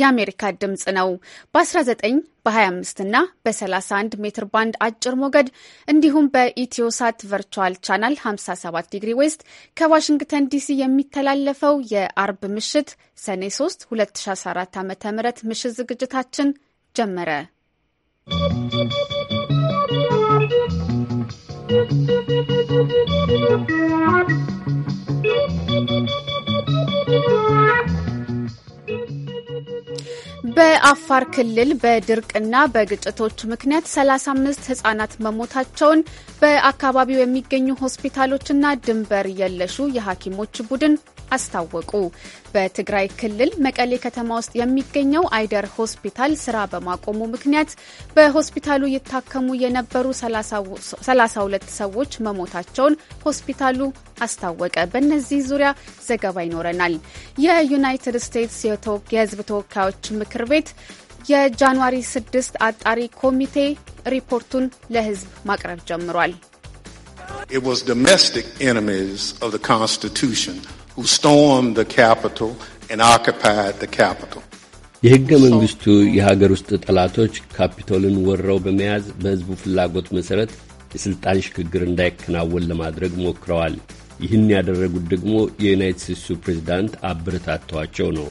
የአሜሪካ ድምፅ ነው። በ19 በ25 እና በ31 ሜትር ባንድ አጭር ሞገድ እንዲሁም በኢትዮሳት ቨርቹዋል ቻናል 57 ዲግሪ ዌስት ከዋሽንግተን ዲሲ የሚተላለፈው የአርብ ምሽት ሰኔ 3 2014 ዓ.ም ምሽት ዝግጅታችን ጀመረ። ¶¶ በአፋር ክልል በድርቅና በግጭቶች ምክንያት 35 ህጻናት መሞታቸውን በአካባቢው የሚገኙ ሆስፒታሎችና ድንበር የለሹ የሐኪሞች ቡድን አስታወቁ። በትግራይ ክልል መቀሌ ከተማ ውስጥ የሚገኘው አይደር ሆስፒታል ስራ በማቆሙ ምክንያት በሆስፒታሉ ይታከሙ የነበሩ 32 ሰዎች መሞታቸውን ሆስፒታሉ አስታወቀ። በእነዚህ ዙሪያ ዘገባ ይኖረናል። የዩናይትድ ስቴትስ የህዝብ ተወካዮች ምክር ቤት የጃንዋሪ 6 አጣሪ ኮሚቴ ሪፖርቱን ለህዝብ ማቅረብ ጀምሯል። It was domestic enemies of the Constitution who stormed the capital and occupied the capital. የሕገ መንግሥቱ የሀገር ውስጥ ጠላቶች ካፒቶልን ወረው በመያዝ በሕዝቡ ፍላጎት መሠረት የሥልጣን ሽግግር እንዳይከናወን ለማድረግ ሞክረዋል። ይህን ያደረጉት ደግሞ የዩናይትድ ስቴትሱ ፕሬዚዳንት አበረታተዋቸው ነው።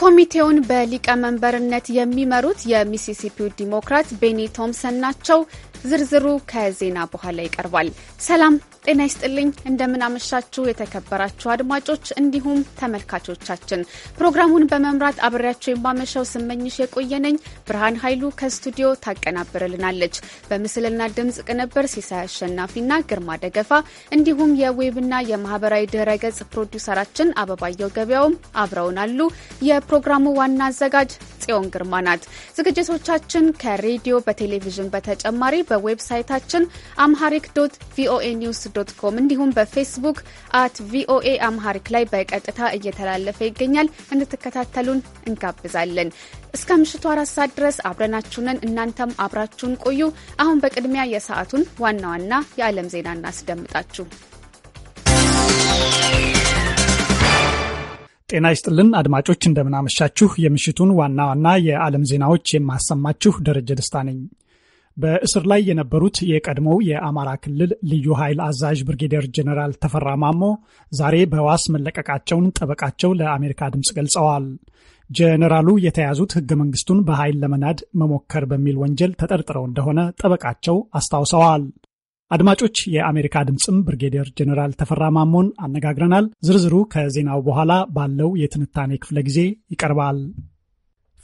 ኮሚቴውን በሊቀመንበርነት የሚመሩት የሚሲሲፒው ዲሞክራት ቤኒ ቶምሰን ናቸው። ዝርዝሩ ከዜና በኋላ ይቀርባል። ሰላም ጤና ይስጥልኝ። እንደምናመሻችሁ የተከበራችሁ አድማጮች እንዲሁም ተመልካቾቻችን፣ ፕሮግራሙን በመምራት አብሬያቸው የማመሻው ስመኝሽ የቆየነኝ ብርሃን ኃይሉ ከስቱዲዮ ታቀናብርልናለች። በምስልና ድምፅ ቅንብር ሲሳይ አሸናፊና ግርማ ደገፋ እንዲሁም የዌብና የማህበራዊ ድረገጽ ገጽ ፕሮዲውሰራችን አበባየው ገበያውም አብረውናሉ። የፕሮግራሙ ዋና አዘጋጅ ጽዮን ግርማ ናት። ዝግጅቶቻችን ከሬዲዮ በቴሌቪዥን በተጨማሪ በዌብሳይታችን አምሃሪክ ዶት ቪኦኤ ኒውስ ዶት ኮም እንዲሁም በፌስቡክ አት ቪኦኤ አምሃሪክ ላይ በቀጥታ እየተላለፈ ይገኛል። እንድትከታተሉን እንጋብዛለን። እስከ ምሽቱ አራት ሰዓት ድረስ አብረናችሁንን እናንተም አብራችሁን ቆዩ። አሁን በቅድሚያ የሰዓቱን ዋና ዋና የዓለም ዜና እናስደምጣችሁ። ጤና ይስጥልን አድማጮች፣ እንደምናመሻችሁ። የምሽቱን ዋና ዋና የዓለም ዜናዎች የማሰማችሁ ደረጀ ደስታ ነኝ። በእስር ላይ የነበሩት የቀድሞው የአማራ ክልል ልዩ ኃይል አዛዥ ብርጌዴር ጀኔራል ተፈራ ማሞ ዛሬ በዋስ መለቀቃቸውን ጠበቃቸው ለአሜሪካ ድምፅ ገልጸዋል። ጀኔራሉ የተያዙት ህገ መንግስቱን በኃይል ለመናድ መሞከር በሚል ወንጀል ተጠርጥረው እንደሆነ ጠበቃቸው አስታውሰዋል። አድማጮች፣ የአሜሪካ ድምፅም ብርጌዴር ጀኔራል ተፈራ ማሞን አነጋግረናል። ዝርዝሩ ከዜናው በኋላ ባለው የትንታኔ ክፍለ ጊዜ ይቀርባል።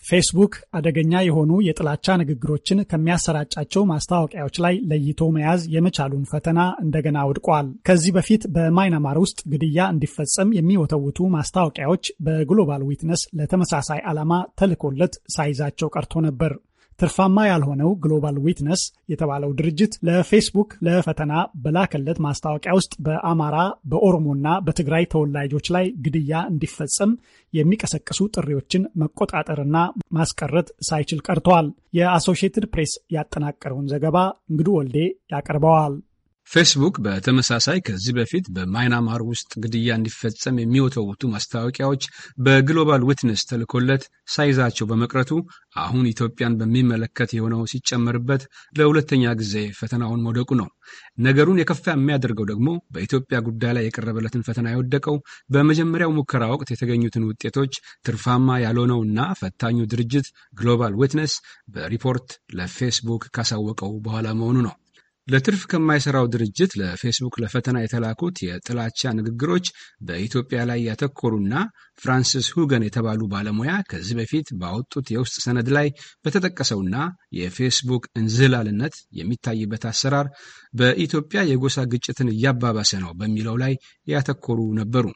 ፌስቡክ አደገኛ የሆኑ የጥላቻ ንግግሮችን ከሚያሰራጫቸው ማስታወቂያዎች ላይ ለይቶ መያዝ የመቻሉን ፈተና እንደገና ወድቋል። ከዚህ በፊት በማይናማር ውስጥ ግድያ እንዲፈጸም የሚወተውቱ ማስታወቂያዎች በግሎባል ዊትነስ ለተመሳሳይ ዓላማ ተልኮለት ሳይዛቸው ቀርቶ ነበር። ትርፋማ ያልሆነው ግሎባል ዊትነስ የተባለው ድርጅት ለፌስቡክ ለፈተና በላከለት ማስታወቂያ ውስጥ በአማራ በኦሮሞና በትግራይ ተወላጆች ላይ ግድያ እንዲፈጸም የሚቀሰቅሱ ጥሪዎችን መቆጣጠርና ማስቀረት ሳይችል ቀርተዋል። የአሶሺየትድ ፕሬስ ያጠናቀረውን ዘገባ እንግዱ ወልዴ ያቀርበዋል። ፌስቡክ በተመሳሳይ ከዚህ በፊት በማይናማር ውስጥ ግድያ እንዲፈጸም የሚወተውቱ ማስታወቂያዎች በግሎባል ዊትነስ ተልኮለት ሳይዛቸው በመቅረቱ አሁን ኢትዮጵያን በሚመለከት የሆነው ሲጨመርበት ለሁለተኛ ጊዜ ፈተናውን መውደቁ ነው። ነገሩን የከፋ የሚያደርገው ደግሞ በኢትዮጵያ ጉዳይ ላይ የቀረበለትን ፈተና የወደቀው በመጀመሪያው ሙከራ ወቅት የተገኙትን ውጤቶች ትርፋማ ያልሆነውና ፈታኙ ድርጅት ግሎባል ዊትነስ በሪፖርት ለፌስቡክ ካሳወቀው በኋላ መሆኑ ነው። ለትርፍ ከማይሰራው ድርጅት ለፌስቡክ ለፈተና የተላኩት የጥላቻ ንግግሮች በኢትዮጵያ ላይ ያተኮሩና ፍራንሲስ ሁገን የተባሉ ባለሙያ ከዚህ በፊት ባወጡት የውስጥ ሰነድ ላይ በተጠቀሰውና የፌስቡክ እንዝላልነት የሚታይበት አሰራር በኢትዮጵያ የጎሳ ግጭትን እያባባሰ ነው በሚለው ላይ ያተኮሩ ነበሩ።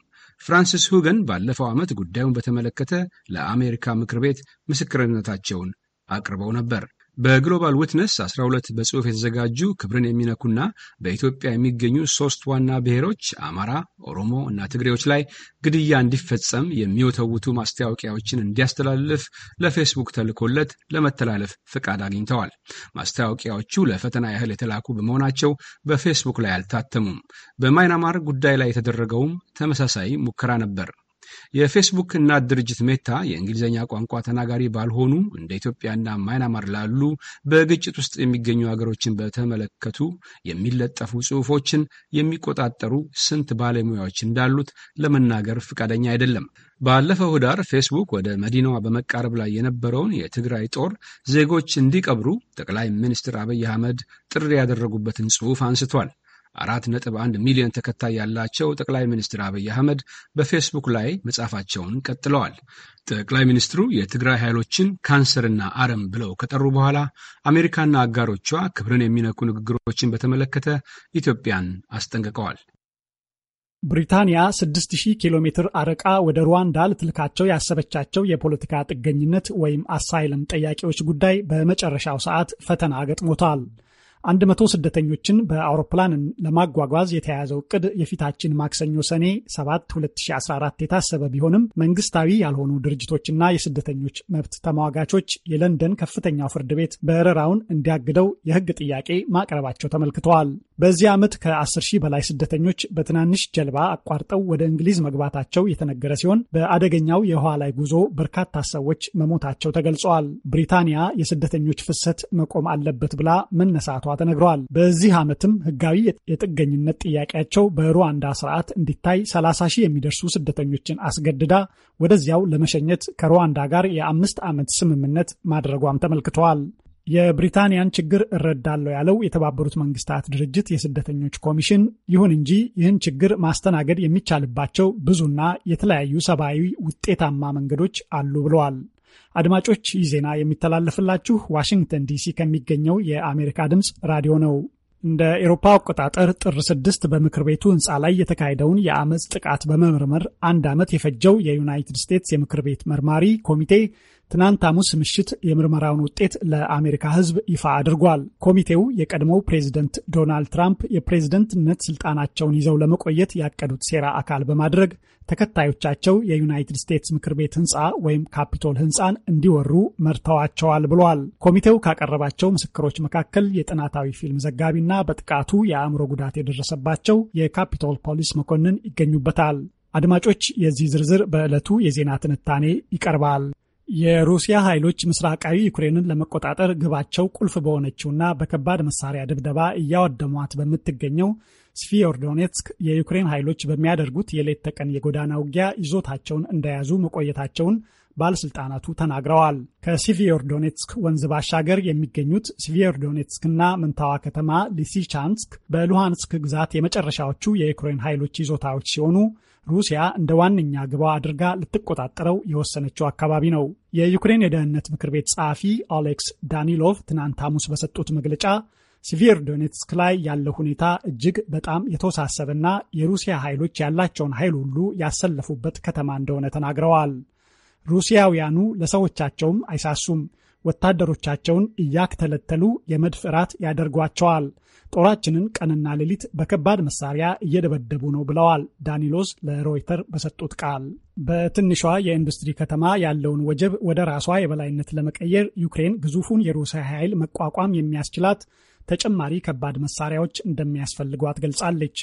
ፍራንሲስ ሁገን ባለፈው ዓመት ጉዳዩን በተመለከተ ለአሜሪካ ምክር ቤት ምስክርነታቸውን አቅርበው ነበር። በግሎባል ዊትነስ 12 በጽሑፍ የተዘጋጁ ክብርን የሚነኩና በኢትዮጵያ የሚገኙ ሶስት ዋና ብሔሮች አማራ፣ ኦሮሞ እና ትግሬዎች ላይ ግድያ እንዲፈጸም የሚወተውቱ ማስታወቂያዎችን እንዲያስተላልፍ ለፌስቡክ ተልኮለት ለመተላለፍ ፍቃድ አግኝተዋል። ማስታወቂያዎቹ ለፈተና ያህል የተላኩ በመሆናቸው በፌስቡክ ላይ አልታተሙም። በማይናማር ጉዳይ ላይ የተደረገውም ተመሳሳይ ሙከራ ነበር። የፌስቡክ እናት ድርጅት ሜታ የእንግሊዝኛ ቋንቋ ተናጋሪ ባልሆኑ እንደ ኢትዮጵያና ማይናማር ላሉ በግጭት ውስጥ የሚገኙ ሀገሮችን በተመለከቱ የሚለጠፉ ጽሑፎችን የሚቆጣጠሩ ስንት ባለሙያዎች እንዳሉት ለመናገር ፈቃደኛ አይደለም። ባለፈው ህዳር ፌስቡክ ወደ መዲናዋ በመቃረብ ላይ የነበረውን የትግራይ ጦር ዜጎች እንዲቀብሩ ጠቅላይ ሚኒስትር አብይ አህመድ ጥሪ ያደረጉበትን ጽሑፍ አንስቷል። አራት ነጥብ አንድ ሚሊዮን ተከታይ ያላቸው ጠቅላይ ሚኒስትር አብይ አህመድ በፌስቡክ ላይ መጻፋቸውን ቀጥለዋል። ጠቅላይ ሚኒስትሩ የትግራይ ኃይሎችን ካንሰርና አረም ብለው ከጠሩ በኋላ አሜሪካና አጋሮቿ ክብርን የሚነኩ ንግግሮችን በተመለከተ ኢትዮጵያን አስጠንቅቀዋል። ብሪታንያ 6000 ኪሎ ሜትር አረቃ ወደ ሩዋንዳ ልትልካቸው ያሰበቻቸው የፖለቲካ ጥገኝነት ወይም አሳይለም ጠያቂዎች ጉዳይ በመጨረሻው ሰዓት ፈተና ገጥሞታል። አንድ መቶ ስደተኞችን በአውሮፕላን ለማጓጓዝ የተያያዘው እቅድ የፊታችን ማክሰኞ ሰኔ 7 2014 የታሰበ ቢሆንም መንግስታዊ ያልሆኑ ድርጅቶችና የስደተኞች መብት ተሟጋቾች የለንደን ከፍተኛው ፍርድ ቤት በረራውን እንዲያግደው የህግ ጥያቄ ማቅረባቸው ተመልክተዋል። በዚህ ዓመት ከ10 ሺህ በላይ ስደተኞች በትናንሽ ጀልባ አቋርጠው ወደ እንግሊዝ መግባታቸው የተነገረ ሲሆን በአደገኛው የውሃ ላይ ጉዞ በርካታ ሰዎች መሞታቸው ተገልጸዋል። ብሪታንያ የስደተኞች ፍሰት መቆም አለበት ብላ መነሳቷ ተነግረዋል። በዚህ ዓመትም ህጋዊ የጥገኝነት ጥያቄያቸው በሩዋንዳ ስርዓት እንዲታይ 30 ሺህ የሚደርሱ ስደተኞችን አስገድዳ ወደዚያው ለመሸኘት ከሩዋንዳ ጋር የአምስት ዓመት ስምምነት ማድረጓም ተመልክተዋል። የብሪታንያን ችግር እረዳለሁ ያለው የተባበሩት መንግስታት ድርጅት የስደተኞች ኮሚሽን፣ ይሁን እንጂ ይህን ችግር ማስተናገድ የሚቻልባቸው ብዙና የተለያዩ ሰብአዊ ውጤታማ መንገዶች አሉ ብለዋል። አድማጮች፣ ይህ ዜና የሚተላለፍላችሁ ዋሽንግተን ዲሲ ከሚገኘው የአሜሪካ ድምፅ ራዲዮ ነው። እንደ ኤሮፓ አቆጣጠር ጥር ስድስት በምክር ቤቱ ህንፃ ላይ የተካሄደውን የአመፅ ጥቃት በመመርመር አንድ ዓመት የፈጀው የዩናይትድ ስቴትስ የምክር ቤት መርማሪ ኮሚቴ ትናንት ሐሙስ ምሽት የምርመራውን ውጤት ለአሜሪካ ሕዝብ ይፋ አድርጓል። ኮሚቴው የቀድሞው ፕሬዝደንት ዶናልድ ትራምፕ የፕሬዝደንትነት ስልጣናቸውን ይዘው ለመቆየት ያቀዱት ሴራ አካል በማድረግ ተከታዮቻቸው የዩናይትድ ስቴትስ ምክር ቤት ህንፃ ወይም ካፒቶል ህንፃን እንዲወሩ መርተዋቸዋል ብሏል። ኮሚቴው ካቀረባቸው ምስክሮች መካከል የጥናታዊ ፊልም ዘጋቢና በጥቃቱ የአእምሮ ጉዳት የደረሰባቸው የካፒቶል ፖሊስ መኮንን ይገኙበታል። አድማጮች፣ የዚህ ዝርዝር በዕለቱ የዜና ትንታኔ ይቀርባል። የሩሲያ ኃይሎች ምስራቃዊ ዩክሬንን ለመቆጣጠር ግባቸው ቁልፍ በሆነችውና በከባድ መሳሪያ ድብደባ እያወደሟት በምትገኘው ስቪሮዶኔትስክ የዩክሬን ኃይሎች በሚያደርጉት የሌት ተቀን የጎዳና ውጊያ ይዞታቸውን እንደያዙ መቆየታቸውን ባለስልጣናቱ ተናግረዋል። ከስቪዮርዶኔትስክ ወንዝ ባሻገር የሚገኙት ስቪዮርዶኔትስክና ምንታዋ ከተማ ሊሲቻንስክ በሉሃንስክ ግዛት የመጨረሻዎቹ የዩክሬን ኃይሎች ይዞታዎች ሲሆኑ ሩሲያ እንደ ዋነኛ ግባ አድርጋ ልትቆጣጠረው የወሰነችው አካባቢ ነው። የዩክሬን የደህንነት ምክር ቤት ጸሐፊ ኦሌክስ ዳኒሎቭ ትናንት ሐሙስ በሰጡት መግለጫ ሲቪር ዶኔትስክ ላይ ያለው ሁኔታ እጅግ በጣም የተወሳሰበና የሩሲያ ኃይሎች ያላቸውን ኃይል ሁሉ ያሰለፉበት ከተማ እንደሆነ ተናግረዋል። ሩሲያውያኑ ለሰዎቻቸውም አይሳሱም። ወታደሮቻቸውን እያክተለተሉ የመድፍ እራት ያደርጓቸዋል። ጦራችንን ቀንና ሌሊት በከባድ መሳሪያ እየደበደቡ ነው ብለዋል ዳኒሎስ ለሮይተር በሰጡት ቃል። በትንሿ የኢንዱስትሪ ከተማ ያለውን ወጀብ ወደ ራሷ የበላይነት ለመቀየር ዩክሬን ግዙፉን የሩሲያ ኃይል መቋቋም የሚያስችላት ተጨማሪ ከባድ መሳሪያዎች እንደሚያስፈልጓት ገልጻለች።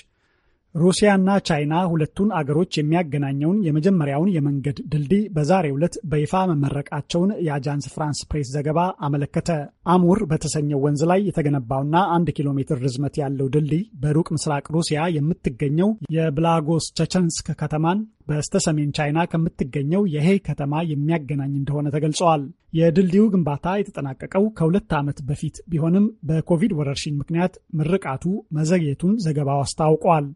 ሩሲያና ቻይና ሁለቱን አገሮች የሚያገናኘውን የመጀመሪያውን የመንገድ ድልድይ በዛሬ ዕለት በይፋ መመረቃቸውን የአጃንስ ፍራንስ ፕሬስ ዘገባ አመለከተ። አሙር በተሰኘው ወንዝ ላይ የተገነባውና አንድ ኪሎ ሜትር ርዝመት ያለው ድልድይ በሩቅ ምስራቅ ሩሲያ የምትገኘው የብላጎስ ቸቸንስክ ከተማን በስተ ሰሜን ቻይና ከምትገኘው የሄይ ከተማ የሚያገናኝ እንደሆነ ተገልጸዋል። የድልድዩ ግንባታ የተጠናቀቀው ከሁለት ዓመት በፊት ቢሆንም በኮቪድ ወረርሽኝ ምክንያት ምርቃቱ መዘግየቱን ዘገባው አስታውቋል።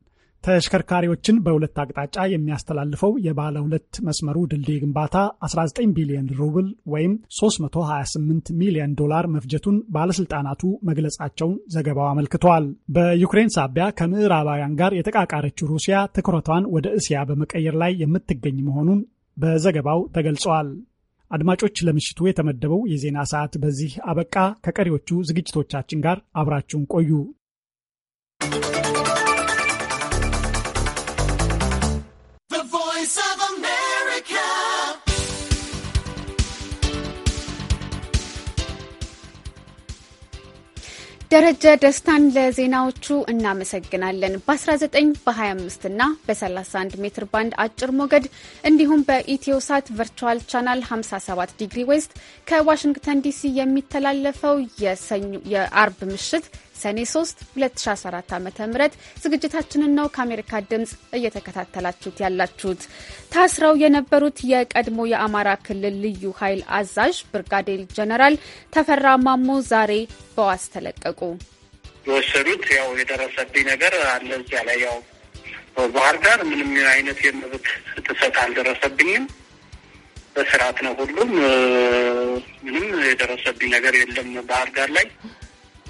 ተሽከርካሪዎችን በሁለት አቅጣጫ የሚያስተላልፈው የባለ ሁለት መስመሩ ድልድይ ግንባታ 19 ቢሊዮን ሩብል ወይም 328 ሚሊዮን ዶላር መፍጀቱን ባለስልጣናቱ መግለጻቸውን ዘገባው አመልክቷል። በዩክሬን ሳቢያ ከምዕራባውያን ጋር የተቃቃረችው ሩሲያ ትኩረቷን ወደ እስያ በመቀየር ላይ የምትገኝ መሆኑን በዘገባው ተገልጿል። አድማጮች፣ ለምሽቱ የተመደበው የዜና ሰዓት በዚህ አበቃ። ከቀሪዎቹ ዝግጅቶቻችን ጋር አብራችሁን ቆዩ። ደረጀ ደስታን ለዜናዎቹ እናመሰግናለን። በ19 በ25 እና በ31 ሜትር ባንድ አጭር ሞገድ እንዲሁም በኢትዮሳት ቨርቹዋል ቻናል 57 ዲግሪ ዌስት ከዋሽንግተን ዲሲ የሚተላለፈው የአርብ ምሽት ሰኔ 3 2014 ዓ ም ዝግጅታችንን ነው ከአሜሪካ ድምፅ እየተከታተላችሁት ያላችሁት። ታስረው የነበሩት የቀድሞ የአማራ ክልል ልዩ ኃይል አዛዥ ብርጋዴር ጀነራል ተፈራ ማሞ ዛሬ በዋስ ተለቀቁ። የወሰዱት ያው የደረሰብኝ ነገር አለ እዚያ ላይ ያው ባህር ዳር ምንም አይነት የመብት ጥሰት አልደረሰብኝም። በስርዓት ነው ሁሉም ምንም የደረሰብኝ ነገር የለም። ባህር ዳር ላይ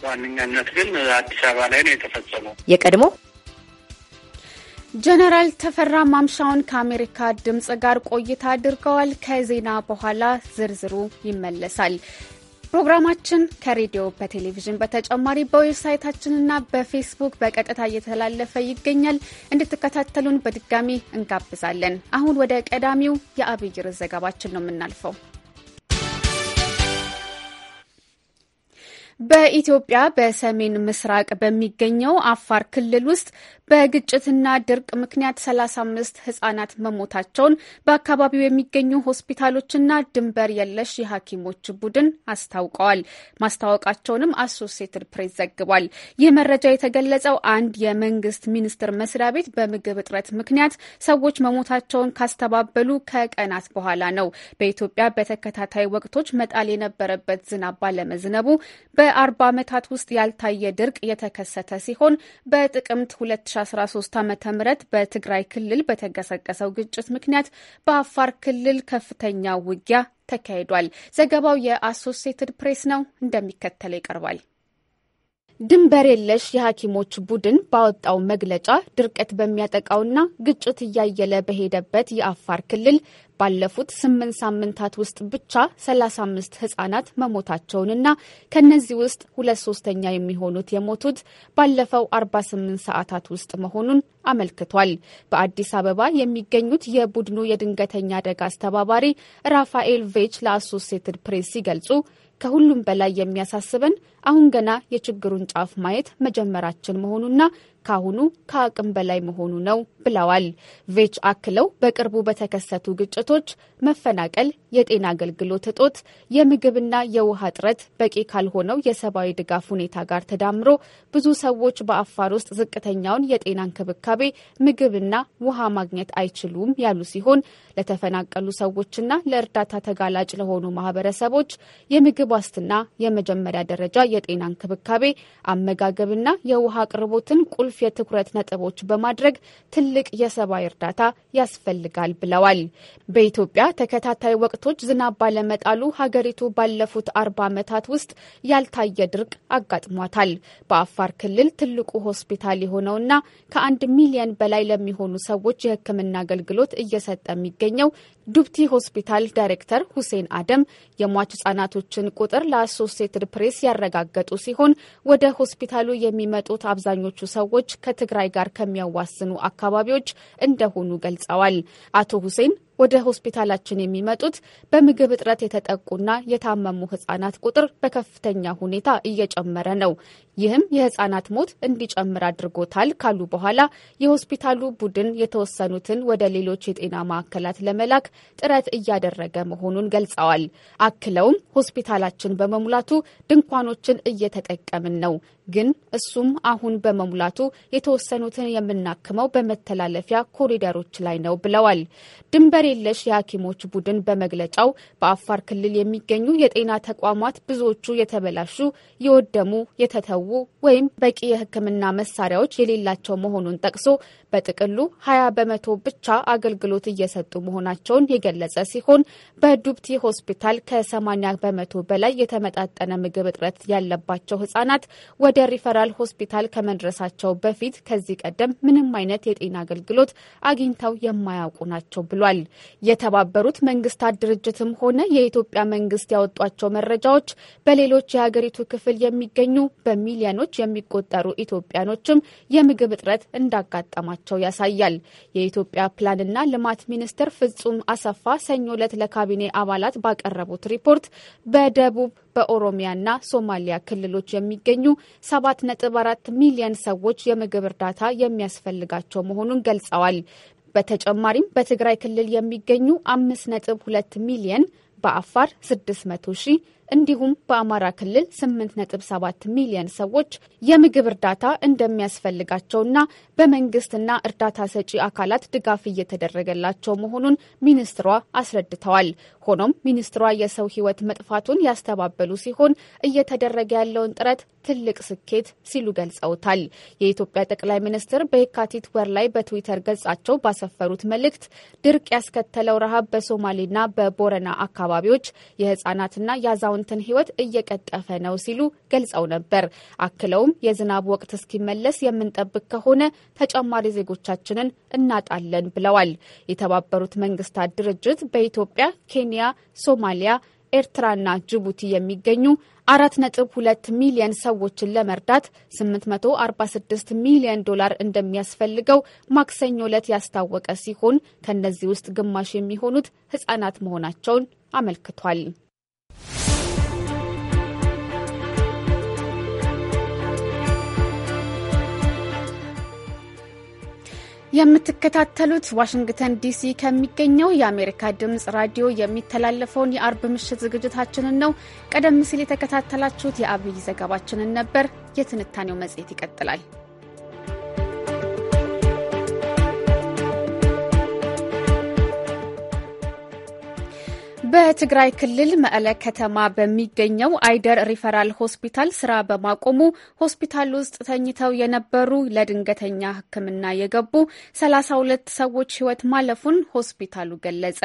በዋነኛነት ግን አዲስ አበባ ላይ ነው የተፈጸመው። የቀድሞ ጀነራል ተፈራ ማምሻውን ከአሜሪካ ድምጽ ጋር ቆይታ አድርገዋል። ከዜና በኋላ ዝርዝሩ ይመለሳል። ፕሮግራማችን ከሬዲዮ በቴሌቪዥን በተጨማሪ በዌብሳይታችንና በፌስቡክ በቀጥታ እየተላለፈ ይገኛል። እንድትከታተሉን በድጋሚ እንጋብዛለን። አሁን ወደ ቀዳሚው የአብይር ዘገባችን ነው የምናልፈው። በኢትዮጵያ በሰሜን ምስራቅ በሚገኘው አፋር ክልል ውስጥ በግጭትና ድርቅ ምክንያት 35 ህጻናት መሞታቸውን በአካባቢው የሚገኙ ሆስፒታሎችና ድንበር የለሽ የሐኪሞች ቡድን አስታውቀዋል። ማስታወቃቸውንም አሶሴትድ ፕሬስ ዘግቧል። ይህ መረጃ የተገለጸው አንድ የመንግስት ሚኒስቴር መስሪያ ቤት በምግብ እጥረት ምክንያት ሰዎች መሞታቸውን ካስተባበሉ ከቀናት በኋላ ነው። በኢትዮጵያ በተከታታይ ወቅቶች መጣል የነበረበት ዝናብ ባለመዝነቡ በአርባ ዓመታት ውስጥ ያልታየ ድርቅ የተከሰተ ሲሆን በጥቅምት ሁለት 2013 ዓ ም በትግራይ ክልል በተቀሰቀሰው ግጭት ምክንያት በአፋር ክልል ከፍተኛ ውጊያ ተካሂዷል። ዘገባው የአሶሴትድ ፕሬስ ነው፣ እንደሚከተለው ይቀርባል። ድንበር የለሽ የሐኪሞች ቡድን ባወጣው መግለጫ ድርቀት በሚያጠቃውና ግጭት እያየለ በሄደበት የአፋር ክልል ባለፉት ስምንት ሳምንታት ውስጥ ብቻ 35 ህጻናት መሞታቸውንና ከነዚህ ውስጥ ሁለት ሶስተኛ የሚሆኑት የሞቱት ባለፈው 48 ሰዓታት ውስጥ መሆኑን አመልክቷል። በአዲስ አበባ የሚገኙት የቡድኑ የድንገተኛ አደጋ አስተባባሪ ራፋኤል ቬች ለአሶሴትድ ፕሬስ ሲገልጹ ከሁሉም በላይ የሚያሳስበን አሁን ገና የችግሩን ጫፍ ማየት መጀመራችን መሆኑና ካሁኑ ከአቅም በላይ መሆኑ ነው ብለዋል። ቬች አክለው በቅርቡ በተከሰቱ ግጭቶች፣ መፈናቀል፣ የጤና አገልግሎት እጦት፣ የምግብና የውሃ እጥረት በቂ ካልሆነው የሰብአዊ ድጋፍ ሁኔታ ጋር ተዳምሮ ብዙ ሰዎች በአፋር ውስጥ ዝቅተኛውን የጤና እንክብካቤ፣ ምግብና ውሃ ማግኘት አይችሉም ያሉ ሲሆን ለተፈናቀሉ ሰዎችና ለእርዳታ ተጋላጭ ለሆኑ ማህበረሰቦች የምግብ ዋስትና፣ የመጀመሪያ ደረጃ የጤና እንክብካቤ፣ አመጋገብና የውሃ አቅርቦትን ቁልፍ ቁልፍ የትኩረት ነጥቦች በማድረግ ትልቅ የሰብአዊ እርዳታ ያስፈልጋል ብለዋል። በኢትዮጵያ ተከታታይ ወቅቶች ዝናብ ባለመጣሉ ሀገሪቱ ባለፉት አርባ ዓመታት ውስጥ ያልታየ ድርቅ አጋጥሟታል። በአፋር ክልል ትልቁ ሆስፒታል የሆነውና ከአንድ ሚሊየን በላይ ለሚሆኑ ሰዎች የሕክምና አገልግሎት እየሰጠ የሚገኘው ዱብቲ ሆስፒታል ዳይሬክተር ሁሴን አደም የሟች ህጻናቶችን ቁጥር ለአሶሴትድ ፕሬስ ያረጋገጡ ሲሆን ወደ ሆስፒታሉ የሚመጡት አብዛኞቹ ሰዎች ከትግራይ ጋር ከሚያዋስኑ አካባቢዎች እንደሆኑ ገልጸዋል። አቶ ሁሴን ወደ ሆስፒታላችን የሚመጡት በምግብ እጥረት የተጠቁና የታመሙ ህጻናት ቁጥር በከፍተኛ ሁኔታ እየጨመረ ነው። ይህም የህጻናት ሞት እንዲጨምር አድርጎታል ካሉ በኋላ የሆስፒታሉ ቡድን የተወሰኑትን ወደ ሌሎች የጤና ማዕከላት ለመላክ ጥረት እያደረገ መሆኑን ገልጸዋል። አክለውም ሆስፒታላችን በመሙላቱ ድንኳኖችን እየተጠቀምን ነው ግን እሱም አሁን በመሙላቱ የተወሰኑትን የምናክመው በመተላለፊያ ኮሪደሮች ላይ ነው ብለዋል። ድንበር የለሽ የሐኪሞች ቡድን በመግለጫው በአፋር ክልል የሚገኙ የጤና ተቋማት ብዙዎቹ የተበላሹ፣ የወደሙ፣ የተተዉ ወይም በቂ የሕክምና መሳሪያዎች የሌላቸው መሆኑን ጠቅሶ በጥቅሉ 20 በመቶ ብቻ አገልግሎት እየሰጡ መሆናቸውን የገለጸ ሲሆን በዱብቲ ሆስፒታል ከ80 በመቶ በላይ የተመጣጠነ ምግብ እጥረት ያለባቸው ህጻናት ወደ ሪፈራል ሆስፒታል ከመድረሳቸው በፊት ከዚህ ቀደም ምንም አይነት የጤና አገልግሎት አግኝተው የማያውቁ ናቸው ብሏል። የተባበሩት መንግስታት ድርጅትም ሆነ የኢትዮጵያ መንግስት ያወጧቸው መረጃዎች በሌሎች የሀገሪቱ ክፍል የሚገኙ በሚሊዮኖች የሚቆጠሩ ኢትዮጵያኖችም የምግብ እጥረት እንዳጋጠማቸው መሆናቸው ያሳያል። የኢትዮጵያ ፕላንና ልማት ሚኒስትር ፍጹም አሰፋ ሰኞ ዕለት ለካቢኔ አባላት ባቀረቡት ሪፖርት በደቡብ በኦሮሚያና ሶማሊያ ክልሎች የሚገኙ 7.4 ሚሊዮን ሰዎች የምግብ እርዳታ የሚያስፈልጋቸው መሆኑን ገልጸዋል። በተጨማሪም በትግራይ ክልል የሚገኙ 5.2 ሚሊየን፣ በአፋር 600 ሺህ እንዲሁም በአማራ ክልል 8.7 ሚሊዮን ሰዎች የምግብ እርዳታ እንደሚያስፈልጋቸውና በመንግስትና እርዳታ ሰጪ አካላት ድጋፍ እየተደረገላቸው መሆኑን ሚኒስትሯ አስረድተዋል። ሆኖም ሚኒስትሯ የሰው ሕይወት መጥፋቱን ያስተባበሉ ሲሆን እየተደረገ ያለውን ጥረት ትልቅ ስኬት ሲሉ ገልጸውታል። የኢትዮጵያ ጠቅላይ ሚኒስትር በየካቲት ወር ላይ በትዊተር ገጻቸው ባሰፈሩት መልእክት ድርቅ ያስከተለው ረሃብ በሶማሌና በቦረና አካባቢዎች የህጻናትና የአዛውንት የትናንትን ሕይወት እየቀጠፈ ነው ሲሉ ገልጸው ነበር። አክለውም የዝናብ ወቅት እስኪመለስ የምንጠብቅ ከሆነ ተጨማሪ ዜጎቻችንን እናጣለን ብለዋል። የተባበሩት መንግስታት ድርጅት በኢትዮጵያ፣ ኬንያ፣ ሶማሊያ ኤርትራና ጅቡቲ የሚገኙ 4.2 ሚሊዮን ሰዎችን ለመርዳት 846 ሚሊዮን ዶላር እንደሚያስፈልገው ማክሰኞ ዕለት ያስታወቀ ሲሆን ከእነዚህ ውስጥ ግማሽ የሚሆኑት ህጻናት መሆናቸውን አመልክቷል። የምትከታተሉት ዋሽንግተን ዲሲ ከሚገኘው የአሜሪካ ድምፅ ራዲዮ የሚተላለፈውን የአርብ ምሽት ዝግጅታችንን ነው። ቀደም ሲል የተከታተላችሁት የአብይ ዘገባችንን ነበር። የትንታኔው መጽሔት ይቀጥላል። በትግራይ ክልል መቀለ ከተማ በሚገኘው አይደር ሪፈራል ሆስፒታል ስራ በማቆሙ ሆስፒታል ውስጥ ተኝተው የነበሩ ለድንገተኛ ሕክምና የገቡ 32 ሰዎች ህይወት ማለፉን ሆስፒታሉ ገለጸ።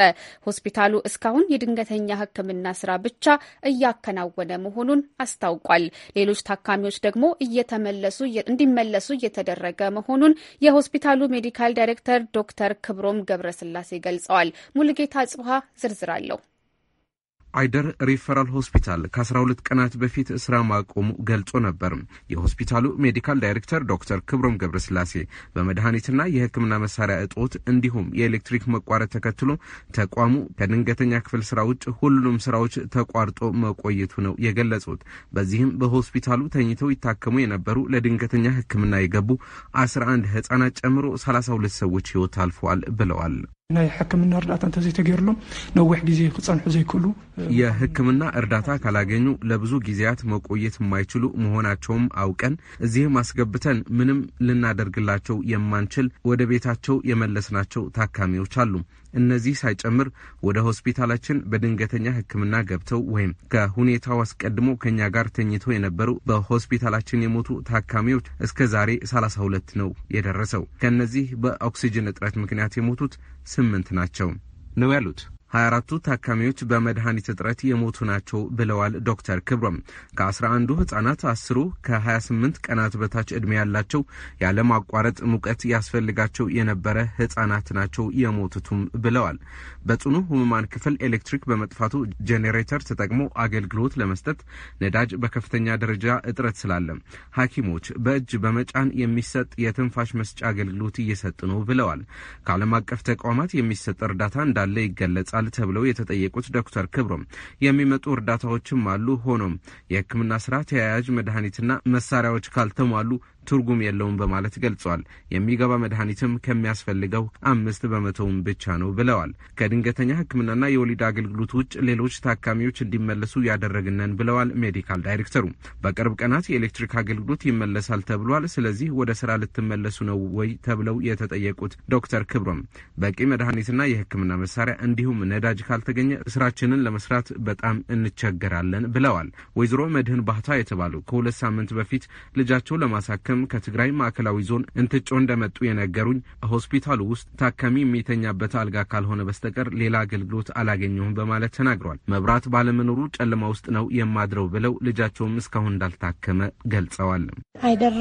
ሆስፒታሉ እስካሁን የድንገተኛ ሕክምና ስራ ብቻ እያከናወነ መሆኑን አስታውቋል። ሌሎች ታካሚዎች ደግሞ እየተመለሱ እንዲመለሱ እየተደረገ መሆኑን የሆስፒታሉ ሜዲካል ዳይሬክተር ዶክተር ክብሮም ገብረስላሴ ገልጸዋል። ሙሉጌታ ጽብሃ ዝርዝራለሁ አይደር ሪፈራል ሆስፒታል ከ12 ቀናት በፊት ስራ ማቆሙ ገልጾ ነበር። የሆስፒታሉ ሜዲካል ዳይሬክተር ዶክተር ክብሮም ገብረስላሴ በመድኃኒትና የሕክምና መሳሪያ እጦት እንዲሁም የኤሌክትሪክ መቋረጥ ተከትሎ ተቋሙ ከድንገተኛ ክፍል ስራ ውጭ ሁሉም ስራዎች ተቋርጦ መቆየቱ ነው የገለጹት። በዚህም በሆስፒታሉ ተኝተው ይታከሙ የነበሩ ለድንገተኛ ሕክምና የገቡ 11 ህጻናት ጨምሮ 32 ሰዎች ህይወት አልፈዋል ብለዋል። ናይ ሕክምና እርዳታ እንተዘይተገይሩሎም ነዊሕ ግዜ ክፀንሑ ዘይክእሉ የሕክምና እርዳታ ካላገኙ ለብዙ ጊዜያት መቆየት የማይችሉ መሆናቸውም አውቀን እዚህም አስገብተን ምንም ልናደርግላቸው የማንችል ወደ ቤታቸው የመለስናቸው ታካሚዎች አሉ። እነዚህ ሳይጨምር ወደ ሆስፒታላችን በድንገተኛ ህክምና ገብተው ወይም ከሁኔታው አስቀድሞ ከኛ ጋር ተኝተው የነበሩ በሆስፒታላችን የሞቱ ታካሚዎች እስከ ዛሬ 32 ነው የደረሰው። ከእነዚህ በኦክሲጅን እጥረት ምክንያት የሞቱት ስምንት ናቸው ነው ያሉት 24 አራቱ ታካሚዎች በመድኃኒት እጥረት የሞቱ ናቸው ብለዋል ዶክተር ክብሮም። ከ11ዱ ህጻናት አስሩ ከ28 ቀናት በታች እድሜ ያላቸው ያለማቋረጥ ሙቀት ያስፈልጋቸው የነበረ ህጻናት ናቸው የሞቱትም ብለዋል። በጽኑ ህሙማን ክፍል ኤሌክትሪክ በመጥፋቱ ጄኔሬተር ተጠቅሞ አገልግሎት ለመስጠት ነዳጅ በከፍተኛ ደረጃ እጥረት ስላለ ሐኪሞች በእጅ በመጫን የሚሰጥ የትንፋሽ መስጫ አገልግሎት እየሰጡ ነው ብለዋል። ከዓለም አቀፍ ተቋማት የሚሰጥ እርዳታ እንዳለ ይገለጻል ተብለው የተጠየቁት ዶክተር ክብሮም የሚመጡ እርዳታዎችም አሉ። ሆኖም የህክምና ስራ ተያያዥ መድኃኒትና መሳሪያዎች ካልተሟሉ ትርጉም የለውም በማለት ገልጿል። የሚገባ መድኃኒትም ከሚያስፈልገው አምስት በመቶውን ብቻ ነው ብለዋል። ከድንገተኛ ሕክምናና የወሊድ አገልግሎት ውጭ ሌሎች ታካሚዎች እንዲመለሱ ያደረግነን ብለዋል ሜዲካል ዳይሬክተሩ። በቅርብ ቀናት የኤሌክትሪክ አገልግሎት ይመለሳል ተብሏል። ስለዚህ ወደ ስራ ልትመለሱ ነው ወይ ተብለው የተጠየቁት ዶክተር ክብሮም በቂ መድኃኒትና የሕክምና መሳሪያ እንዲሁም ነዳጅ ካልተገኘ ስራችንን ለመስራት በጣም እንቸገራለን ብለዋል። ወይዘሮ መድህን ባህታ የተባሉ ከሁለት ሳምንት በፊት ልጃቸው ለማሳከም በመሆኑም ከትግራይ ማዕከላዊ ዞን እንትጮ እንደመጡ የነገሩኝ ሆስፒታሉ ውስጥ ታካሚ የሚተኛበት አልጋ ካልሆነ በስተቀር ሌላ አገልግሎት አላገኘሁም በማለት ተናግሯል። መብራት ባለመኖሩ ጨለማ ውስጥ ነው የማድረው ብለው ልጃቸውም እስካሁን እንዳልታከመ ገልጸዋል። አይደር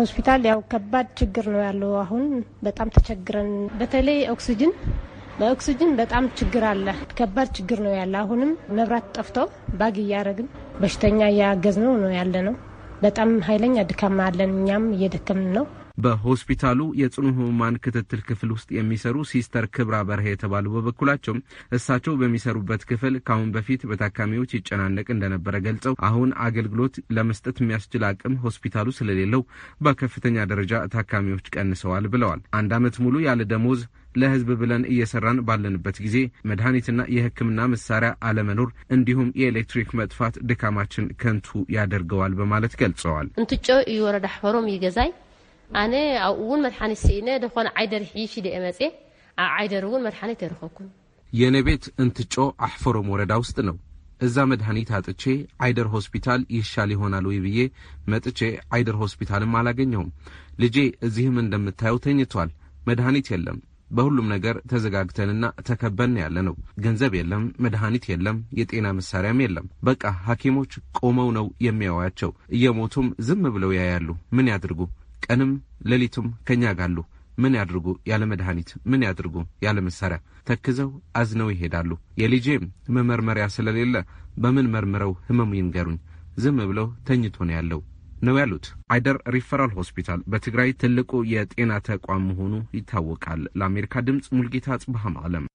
ሆስፒታል ያው ከባድ ችግር ነው ያለው። አሁን በጣም ተቸግረን በተለይ ኦክሲጅን በኦክሲጅን በጣም ችግር አለ። ከባድ ችግር ነው ያለ። አሁንም መብራት ጠፍተው ባግ እያደረግን በሽተኛ እያገዝ ነው ነው ያለ ነው በጣም ኃይለኛ ድካማ አለን። እኛም እየደከምን ነው። በሆስፒታሉ የጽኑ ህሙማን ክትትል ክፍል ውስጥ የሚሰሩ ሲስተር ክብራ በርሄ የተባሉ በበኩላቸው እሳቸው በሚሰሩበት ክፍል ከአሁን በፊት በታካሚዎች ይጨናነቅ እንደነበረ ገልጸው አሁን አገልግሎት ለመስጠት የሚያስችል አቅም ሆስፒታሉ ስለሌለው በከፍተኛ ደረጃ ታካሚዎች ቀንሰዋል ብለዋል። አንድ ዓመት ሙሉ ያለ ደሞዝ ለህዝብ ብለን እየሰራን ባለንበት ጊዜ መድኃኒትና የህክምና መሳሪያ አለመኖር እንዲሁም የኤሌክትሪክ መጥፋት ድካማችን ከንቱ ያደርገዋል በማለት ገልጸዋል። እንትጮ እዩ ወረዳ ሕፈሮም ይገዛይ ኣነ ኣብኡ እውን መድሓኒት ስኢነ ደኾነ ዓይደር ሒሽ ደ መፅ ኣብ ዓይደር እውን መድሓኒት የረኸብኩን የእኔ ቤት እንትጮ ኣሕፈሮም ወረዳ ውስጥ ነው። እዛ መድኃኒት አጥቼ አይደር ሆስፒታል ይሻል ይሆናል ወይ ብዬ መጥቼ አይደር ሆስፒታልም አላገኘውም ልጄ እዚህም እንደምታየው ተኝቷል። መድኃኒት የለም። በሁሉም ነገር ተዘጋግተንና ተከበን ያለ ነው። ገንዘብ የለም፣ መድኃኒት የለም፣ የጤና መሳሪያም የለም። በቃ ሐኪሞች ቆመው ነው የሚያዋቸው። እየሞቱም ዝም ብለው ያያሉ። ምን ያድርጉ? ቀንም ሌሊቱም ከእኛ ጋሉ። ምን ያድርጉ ያለ መድኃኒት? ምን ያድርጉ ያለ መሳሪያ? ተክዘው አዝነው ይሄዳሉ። የልጄም መመርመሪያ ስለሌለ በምን መርምረው ህመሙ ይንገሩኝ? ዝም ብለው ተኝቶ ነው ያለው። ነው ያሉት። አይደር ሪፈራል ሆስፒታል በትግራይ ትልቁ የጤና ተቋም መሆኑ ይታወቃል። ለአሜሪካ ድምፅ ሙልጌታ ጽብሃ አለም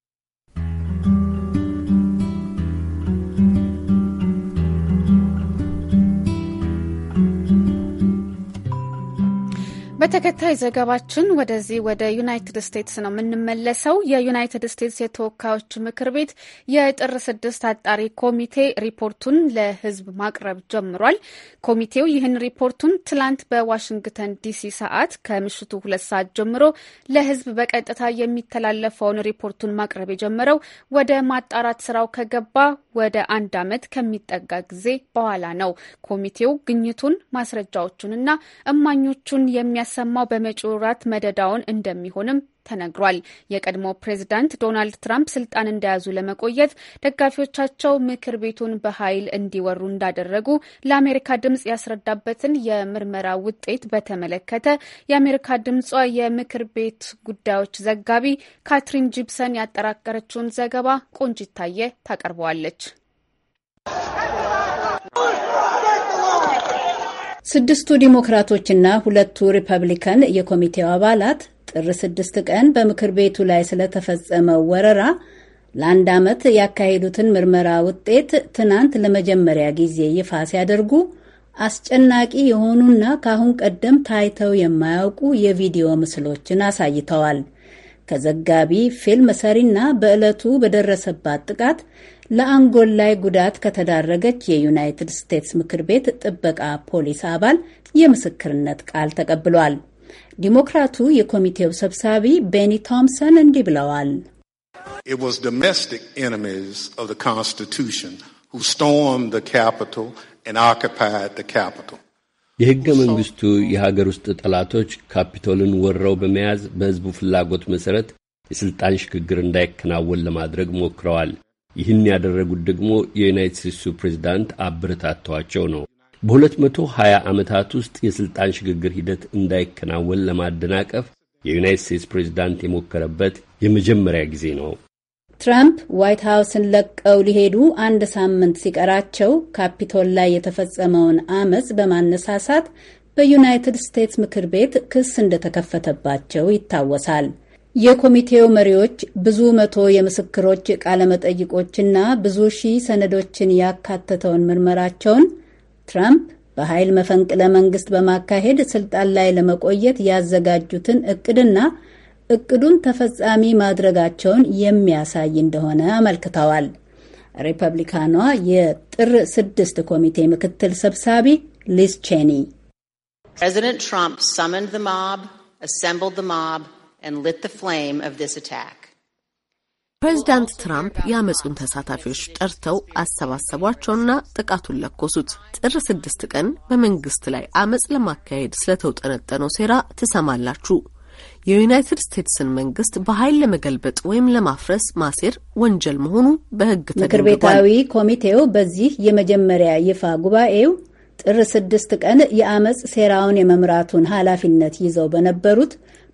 በተከታይ ዘገባችን ወደዚህ ወደ ዩናይትድ ስቴትስ ነው የምንመለሰው። የዩናይትድ ስቴትስ የተወካዮች ምክር ቤት የጥር ስድስት አጣሪ ኮሚቴ ሪፖርቱን ለሕዝብ ማቅረብ ጀምሯል። ኮሚቴው ይህን ሪፖርቱን ትላንት በዋሽንግተን ዲሲ ሰዓት ከምሽቱ ሁለት ሰዓት ጀምሮ ለሕዝብ በቀጥታ የሚተላለፈውን ሪፖርቱን ማቅረብ የጀመረው ወደ ማጣራት ስራው ከገባ ወደ አንድ ዓመት ከሚጠጋ ጊዜ በኋላ ነው። ኮሚቴው ግኝቱን ማስረጃዎቹንና እማኞቹን የሚያ የሚያሰማው በመጪው ወራት መደዳውን እንደሚሆንም ተነግሯል። የቀድሞ ፕሬዝዳንት ዶናልድ ትራምፕ ስልጣን እንደያዙ ለመቆየት ደጋፊዎቻቸው ምክር ቤቱን በኃይል እንዲወሩ እንዳደረጉ ለአሜሪካ ድምፅ ያስረዳበትን የምርመራ ውጤት በተመለከተ የአሜሪካ ድምጿ የምክር ቤት ጉዳዮች ዘጋቢ ካትሪን ጂፕሰን ያጠራቀረችውን ዘገባ ቆንጅታየ ታቀርበዋለች። ስድስቱ ዲሞክራቶችና ሁለቱ ሪፐብሊካን የኮሚቴው አባላት ጥር ስድስት ቀን በምክር ቤቱ ላይ ስለተፈጸመው ወረራ ለአንድ ዓመት ያካሄዱትን ምርመራ ውጤት ትናንት ለመጀመሪያ ጊዜ ይፋ ሲያደርጉ አስጨናቂ የሆኑና ከአሁን ቀደም ታይተው የማያውቁ የቪዲዮ ምስሎችን አሳይተዋል። ከዘጋቢ ፊልም ሰሪና በዕለቱ በደረሰባት ጥቃት ለአንጎል ላይ ጉዳት ከተዳረገች የዩናይትድ ስቴትስ ምክር ቤት ጥበቃ ፖሊስ አባል የምስክርነት ቃል ተቀብሏል። ዲሞክራቱ የኮሚቴው ሰብሳቢ ቤኒ ቶምሰን እንዲህ ብለዋል። የሕገ መንግሥቱ የሀገር ውስጥ ጠላቶች ካፒቶልን ወረው በመያዝ በሕዝቡ ፍላጎት መሠረት የሥልጣን ሽግግር እንዳይከናወን ለማድረግ ሞክረዋል። ይህን ያደረጉት ደግሞ የዩናይት ስቴትሱ ፕሬዚዳንት አበረታተዋቸው ነው። በ220 ዓመታት ውስጥ የሥልጣን ሽግግር ሂደት እንዳይከናወን ለማደናቀፍ የዩናይት ስቴትስ ፕሬዚዳንት የሞከረበት የመጀመሪያ ጊዜ ነው። ትራምፕ ዋይት ሀውስን ለቀው ሊሄዱ አንድ ሳምንት ሲቀራቸው ካፒቶል ላይ የተፈጸመውን አመፅ በማነሳሳት በዩናይትድ ስቴትስ ምክር ቤት ክስ እንደተከፈተባቸው ይታወሳል። የኮሚቴው መሪዎች ብዙ መቶ የምስክሮች ቃለመጠይቆችና ብዙ ሺህ ሰነዶችን ያካተተውን ምርመራቸውን ትራምፕ በኃይል መፈንቅለ መንግስት በማካሄድ ስልጣን ላይ ለመቆየት ያዘጋጁትን እቅድና እቅዱን ተፈጻሚ ማድረጋቸውን የሚያሳይ እንደሆነ አመልክተዋል። ሪፐብሊካኗ የጥር ስድስት ኮሚቴ ምክትል ሰብሳቢ ሊስ ቼኒ ፕሬዚደንት ትራምፕ ፕሬዚዳንት ትራምፕ የአመፁን ተሳታፊዎች ጠርተው አሰባሰቧቸውና ጥቃቱን ለኮሱት። ጥር ስድስት ቀን በመንግስት ላይ አመፅ ለማካሄድ ስለተውጠነጠነው ሴራ ትሰማላችሁ። የዩናይትድ ስቴትስን መንግስት በኃይል ለመገልበጥ ወይም ለማፍረስ ማሴር ወንጀል መሆኑ በህግ ተደንግጓል። ምክር ቤታዊ ኮሚቴው በዚህ የመጀመሪያ ይፋ ጉባኤው ጥር ስድስት ቀን የአመፅ ሴራውን የመምራቱን ኃላፊነት ይዘው በነበሩት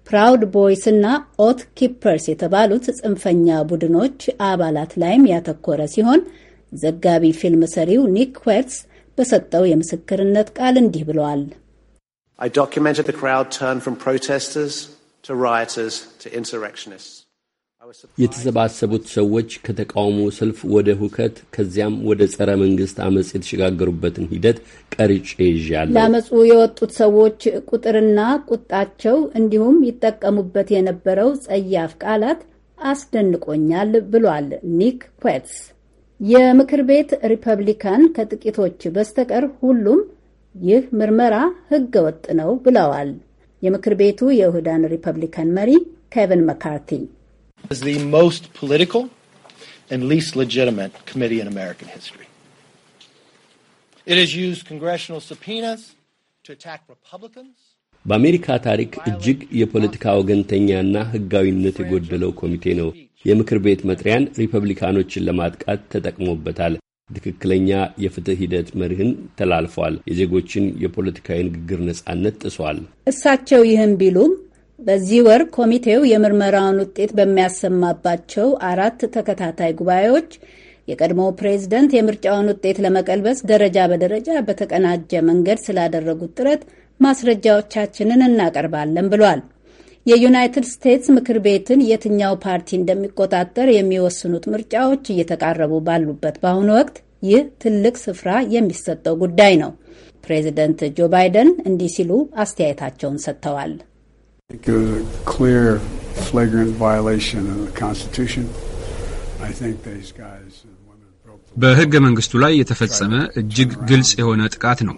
ፕራውድ ቦይስ እና ኦት ኪፐርስ የተባሉት ጽንፈኛ ቡድኖች አባላት ላይም ያተኮረ ሲሆን ዘጋቢ ፊልም ሰሪው ኒክ ኩዌትስ በሰጠው የምስክርነት ቃል እንዲህ ብለዋል። I documented the crowd turn from protesters to rioters to insurrectionists. የተሰባሰቡት ሰዎች ከተቃውሞ ሰልፍ ወደ ሁከት ከዚያም ወደ ጸረ መንግስት አመፅ የተሸጋገሩበትን ሂደት ቀርጬ ይዣለሁ። ለአመፁ የወጡት ሰዎች ቁጥርና ቁጣቸው እንዲሁም ይጠቀሙበት የነበረው ጸያፍ ቃላት አስደንቆኛል ብሏል ኒክ ኩዌትስ። የምክር ቤት ሪፐብሊካን ከጥቂቶች በስተቀር ሁሉም ይህ ምርመራ ህገ ወጥ ነው ብለዋል። የምክር ቤቱ የውህዳን ሪፐብሊካን መሪ ኬቪን መካርቲ is the most political and least legitimate committee in American history. It has used congressional subpoenas to attack Republicans. በአሜሪካ ታሪክ እጅግ የፖለቲካ ወገንተኛና ሕጋዊነት የጎደለው ኮሚቴ ነው። የምክር ቤት መጥሪያን ሪፐብሊካኖችን ለማጥቃት ተጠቅሞበታል። ትክክለኛ የፍትህ ሂደት መርህን ተላልፏል። የዜጎችን የፖለቲካዊ ንግግር ነጻነት ጥሷል። እሳቸው ይህን ቢሉም በዚህ ወር ኮሚቴው የምርመራውን ውጤት በሚያሰማባቸው አራት ተከታታይ ጉባኤዎች የቀድሞ ፕሬዝደንት የምርጫውን ውጤት ለመቀልበስ ደረጃ በደረጃ በተቀናጀ መንገድ ስላደረጉት ጥረት ማስረጃዎቻችንን እናቀርባለን ብሏል። የዩናይትድ ስቴትስ ምክር ቤትን የትኛው ፓርቲ እንደሚቆጣጠር የሚወስኑት ምርጫዎች እየተቃረቡ ባሉበት በአሁኑ ወቅት ይህ ትልቅ ስፍራ የሚሰጠው ጉዳይ ነው። ፕሬዚደንት ጆ ባይደን እንዲህ ሲሉ አስተያየታቸውን ሰጥተዋል። በሕገ መንግሥቱ ላይ የተፈጸመ እጅግ ግልጽ የሆነ ጥቃት ነው።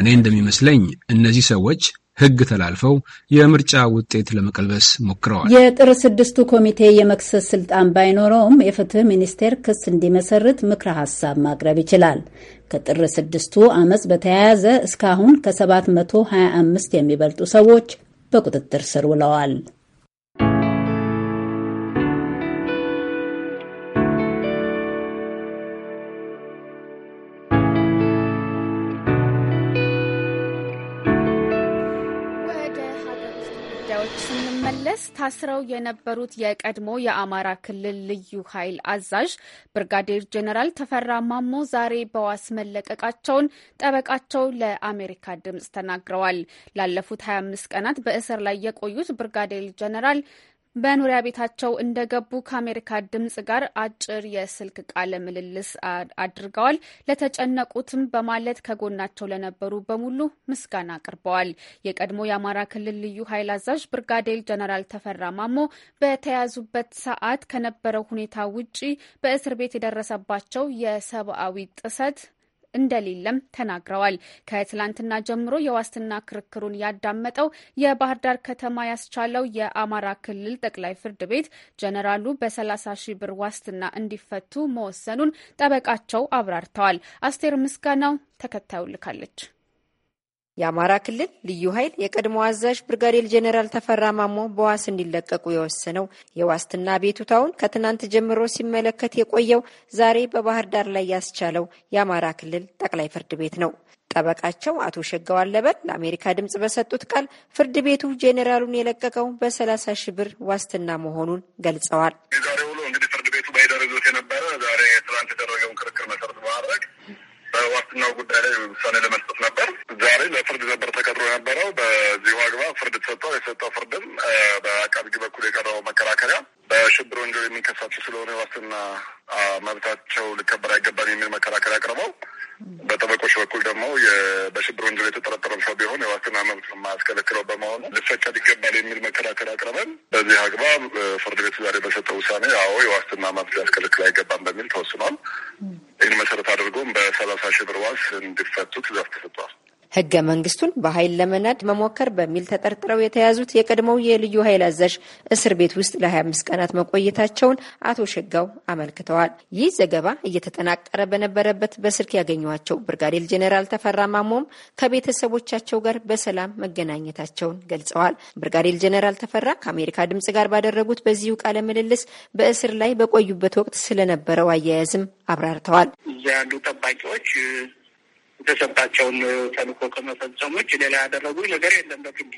እኔ እንደሚመስለኝ እነዚህ ሰዎች ሕግ ተላልፈው የምርጫ ውጤት ለመቀልበስ ሞክረዋል። የጥር ስድስቱ ኮሚቴ የመክሰስ ስልጣን ባይኖረውም የፍትህ ሚኒስቴር ክስ እንዲመሰርት ምክረ ሀሳብ ማቅረብ ይችላል። ከጥር ስድስቱ አመፅ በተያያዘ እስካሁን ከ725 የሚበልጡ ሰዎች በቁጥጥር ስር ውለዋል። ታስረው የነበሩት የቀድሞ የአማራ ክልል ልዩ ኃይል አዛዥ ብርጋዴር ጀኔራል ተፈራ ማሞ ዛሬ በዋስ መለቀቃቸውን ጠበቃቸው ለአሜሪካ ድምጽ ተናግረዋል። ላለፉት 25 ቀናት በእስር ላይ የቆዩት ብርጋዴር ጀኔራል መኖሪያ ቤታቸው እንደገቡ ከአሜሪካ ድምጽ ጋር አጭር የስልክ ቃለ ምልልስ አድርገዋል። ለተጨነቁትም በማለት ከጎናቸው ለነበሩ በሙሉ ምስጋና አቅርበዋል። የቀድሞ የአማራ ክልል ልዩ ኃይል አዛዥ ብርጋዴር ጀነራል ተፈራ ማሞ በተያዙበት ሰዓት ከነበረው ሁኔታ ውጪ በእስር ቤት የደረሰባቸው የሰብአዊ ጥሰት እንደሌለም ተናግረዋል። ከትላንትና ጀምሮ የዋስትና ክርክሩን ያዳመጠው የባህር ዳር ከተማ ያስቻለው የአማራ ክልል ጠቅላይ ፍርድ ቤት ጀነራሉ በ30 ሺህ ብር ዋስትና እንዲፈቱ መወሰኑን ጠበቃቸው አብራርተዋል። አስቴር ምስጋናው ተከታዩ ልካለች። የአማራ ክልል ልዩ ኃይል የቀድሞ አዛዥ ብርጋዴር ጄኔራል ተፈራ ማሞ በዋስ እንዲለቀቁ የወሰነው የዋስትና ቤቱታውን ከትናንት ጀምሮ ሲመለከት የቆየው ዛሬ በባህር ዳር ላይ ያስቻለው የአማራ ክልል ጠቅላይ ፍርድ ቤት ነው። ጠበቃቸው አቶ ሸጋው አለበል ለአሜሪካ ድምፅ በሰጡት ቃል ፍርድ ቤቱ ጄኔራሉን የለቀቀው በሰላሳ ሺህ ብር ዋስትና መሆኑን ገልጸዋል። ዛሬ ውሎ እንግዲህ ፍርድ ቤቱ ባይደረዞት የነበረ ዛሬ ትናንት የደረገውን ክርክር መሰረት በማድረግ በዋስትናው ጉዳይ ላይ ውሳኔ ለመስጠት ዛሬ ለፍርድ ነበር ተቀጥሮ የነበረው። በዚሁ አግባብ ፍርድ ተሰጠው። የሰጠው ፍርድም በአቃቤ ሕግ በኩል የቀረበው መከራከሪያ በሽብር ወንጀል የሚከሳቸው ስለሆነ የዋስትና መብታቸው ሊከበር አይገባም የሚል መከራከሪያ አቅርበው በጠበቆች በኩል ደግሞ በሽብር ወንጀል የተጠረጠረም ሰው ቢሆን የዋስትና መብት የማያስከለክለው በመሆኑ ሊፈቀድ ይገባል የሚል መከራከሪያ አቅርበን በዚህ አግባብ ፍርድ ቤቱ ዛሬ በሰጠው ውሳኔ አዎ የዋስትና መብት ሊያስከለክል አይገባም በሚል ተወስኗል። ይህን መሰረት አድርጎም በሰላሳ ሺህ ብር ዋስ እንዲፈቱ ትዕዛዝ ተሰጥቷል። ህገ መንግስቱን በኃይል ለመናድ መሞከር በሚል ተጠርጥረው የተያዙት የቀድሞው የልዩ ኃይል አዛዥ እስር ቤት ውስጥ ለ25 ቀናት መቆየታቸውን አቶ ሸጋው አመልክተዋል። ይህ ዘገባ እየተጠናቀረ በነበረበት በስልክ ያገኘቸው ብርጋዴር ጄኔራል ተፈራ ማሞም ከቤተሰቦቻቸው ጋር በሰላም መገናኘታቸውን ገልጸዋል። ብርጋዴር ጄኔራል ተፈራ ከአሜሪካ ድምጽ ጋር ባደረጉት በዚሁ ቃለ ምልልስ በእስር ላይ በቆዩበት ወቅት ስለነበረው አያያዝም አብራርተዋል። እዚያ ያሉ ጠባቂዎች የተሰጣቸውን ተልእኮ ከመፈጸሙች ሌላ ያደረጉ ነገር የለም። በግድ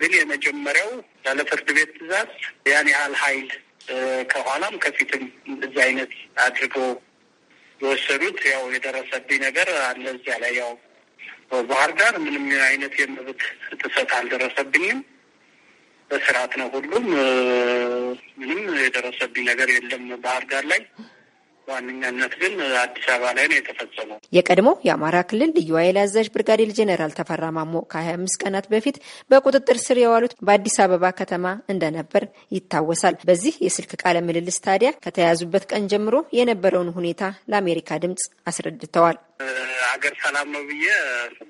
ግን የመጀመሪያው ያለ ፍርድ ቤት ትእዛዝ ያን ያህል ኃይል ከኋላም ከፊትም እንደዚህ አይነት አድርገው የወሰዱት ያው የደረሰብኝ ነገር አለ እዚያ ላይ ያው ባህር ዳር ምንም አይነት የመብት ጥሰት አልደረሰብኝም። በስርዓት ነው ሁሉም ምንም የደረሰብኝ ነገር የለም ባህር ዳር ላይ ዋነኛነት ግን አዲስ አበባ ላይ ነው የተፈጸመው። የቀድሞ የአማራ ክልል ልዩ ኃይል አዛዥ ብርጋዴር ጄኔራል ተፈራ ማሞ ከሀያ አምስት ቀናት በፊት በቁጥጥር ስር የዋሉት በአዲስ አበባ ከተማ እንደነበር ይታወሳል። በዚህ የስልክ ቃለ ምልልስ ታዲያ ከተያዙበት ቀን ጀምሮ የነበረውን ሁኔታ ለአሜሪካ ድምጽ አስረድተዋል። አገር ሰላም ነው ብዬ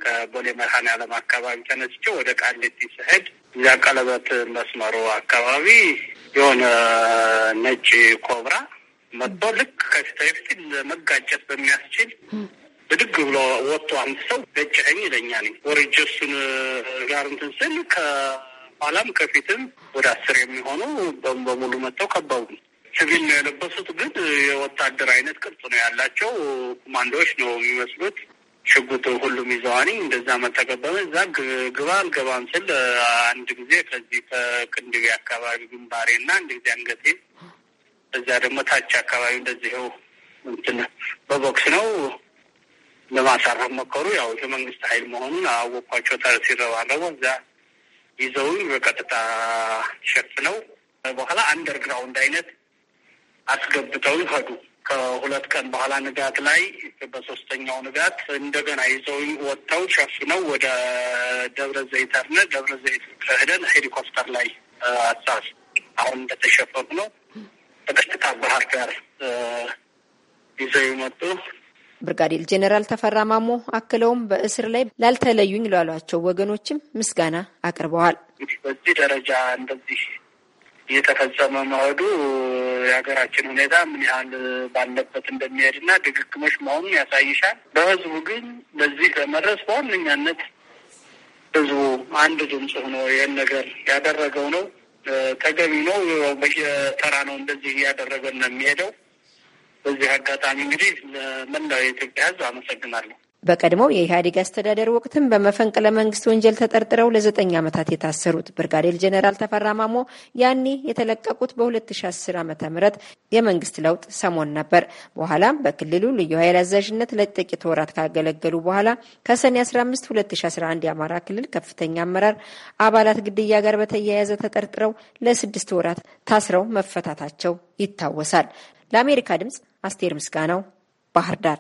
ከቦሌ መድኃኔዓለም አካባቢ ተነስቼ ወደ ቃሊቲ ስሄድ እዚያ ቀለበት መስመሩ አካባቢ የሆነ ነጭ ኮብራ መጥቶ ልክ ከፊት ለፊት ለመጋጨት በሚያስችል ብድግ ብሎ ወጥቶ አንድ ሰው ገጨኸኝ ይለኛል። ወርጄ እሱን ጋር እንትን ስል ከኋላም ከፊትም ወደ አስር የሚሆኑ በሙሉ መጥተው ከበቡ። ሲቪል ነው የለበሱት፣ ግን የወታደር አይነት ቅርጽ ነው ያላቸው። ኮማንዶዎች ነው የሚመስሉት። ሽጉጥ ሁሉም ይዘዋኒ እንደዛ መጠቀበመ እዛ ግባ አልገባም ስል አንድ ጊዜ ከዚህ ከቅንድቤ አካባቢ ግንባሬ እና አንድ ጊዜ አንገቴ በዚያ ደግሞ ታች አካባቢ እንደዚህው እንትን በቦክስ ነው ለማሳረፍ ሞከሩ። ያው የመንግስት ኃይል መሆኑን አወቅኳቸው። ተር ይረባረቡ እዛ ይዘውኝ በቀጥታ ሸፍነው በኋላ አንደርግራውንድ አይነት አስገብተው ይሄዱ። ከሁለት ቀን በኋላ ንጋት ላይ በሶስተኛው ንጋት እንደገና ይዘውኝ ወጥተው ሸፍነው ወደ ደብረ ዘይት አድነ ደብረ ዘይት ከሄደን ሄሊኮፕተር ላይ አሳስ አሁን እንደተሸፈኑ ነው በቀጥታ ባህር ዳር ይዘው የመጡ ብርጋዴር ጄኔራል ተፈራ ማሞ አክለውም በእስር ላይ ላልተለዩኝ ላሏቸው ወገኖችም ምስጋና አቅርበዋል። በዚህ ደረጃ እንደዚህ እየተፈጸመ መሄዱ የሀገራችን ሁኔታ ምን ያህል ባለበት እንደሚሄድና ድግግሞች መሆኑን ያሳይሻል። በህዝቡ ግን በዚህ ለመድረስ በዋነኛነት ህዝቡ አንድ ድምፅ ሆኖ ይህን ነገር ያደረገው ነው ተገቢ ነው። በየተራ ነው እንደዚህ እያደረገን ነው የሚሄደው። በዚህ አጋጣሚ እንግዲህ ለመላው የኢትዮጵያ ሕዝብ አመሰግናለሁ። በቀድሞው የኢህአዴግ አስተዳደር ወቅትም በመፈንቅለ መንግስት ወንጀል ተጠርጥረው ለዘጠኝ ዓመታት የታሰሩት ብርጋዴር ጀኔራል ተፈራ ማሞ ያኔ የተለቀቁት በ2010 ዓ ም የመንግስት ለውጥ ሰሞን ነበር። በኋላም በክልሉ ልዩ ኃይል አዛዥነት ለጥቂት ወራት ካገለገሉ በኋላ ከሰኔ 15 2011 የአማራ ክልል ከፍተኛ አመራር አባላት ግድያ ጋር በተያያዘ ተጠርጥረው ለስድስት ወራት ታስረው መፈታታቸው ይታወሳል። ለአሜሪካ ድምፅ አስቴር ምስጋናው ባህር ዳር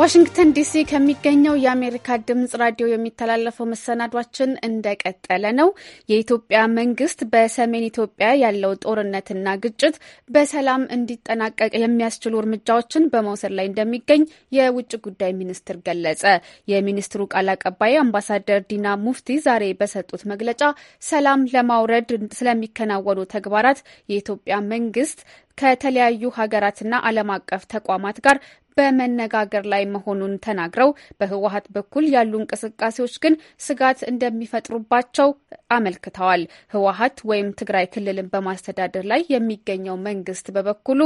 ዋሽንግተን ዲሲ ከሚገኘው የአሜሪካ ድምጽ ራዲዮ የሚተላለፈው መሰናዷችን እንደቀጠለ ነው። የኢትዮጵያ መንግስት በሰሜን ኢትዮጵያ ያለው ጦርነትና ግጭት በሰላም እንዲጠናቀቅ የሚያስችሉ እርምጃዎችን በመውሰድ ላይ እንደሚገኝ የውጭ ጉዳይ ሚኒስትር ገለጸ። የሚኒስትሩ ቃል አቀባይ አምባሳደር ዲና ሙፍቲ ዛሬ በሰጡት መግለጫ ሰላም ለማውረድ ስለሚከናወኑ ተግባራት የኢትዮጵያ መንግስት ከተለያዩ ሀገራትና ዓለም አቀፍ ተቋማት ጋር በመነጋገር ላይ መሆኑን ተናግረው በህወሀት በኩል ያሉ እንቅስቃሴዎች ግን ስጋት እንደሚፈጥሩባቸው አመልክተዋል። ህወሀት ወይም ትግራይ ክልልን በማስተዳደር ላይ የሚገኘው መንግስት በበኩሉ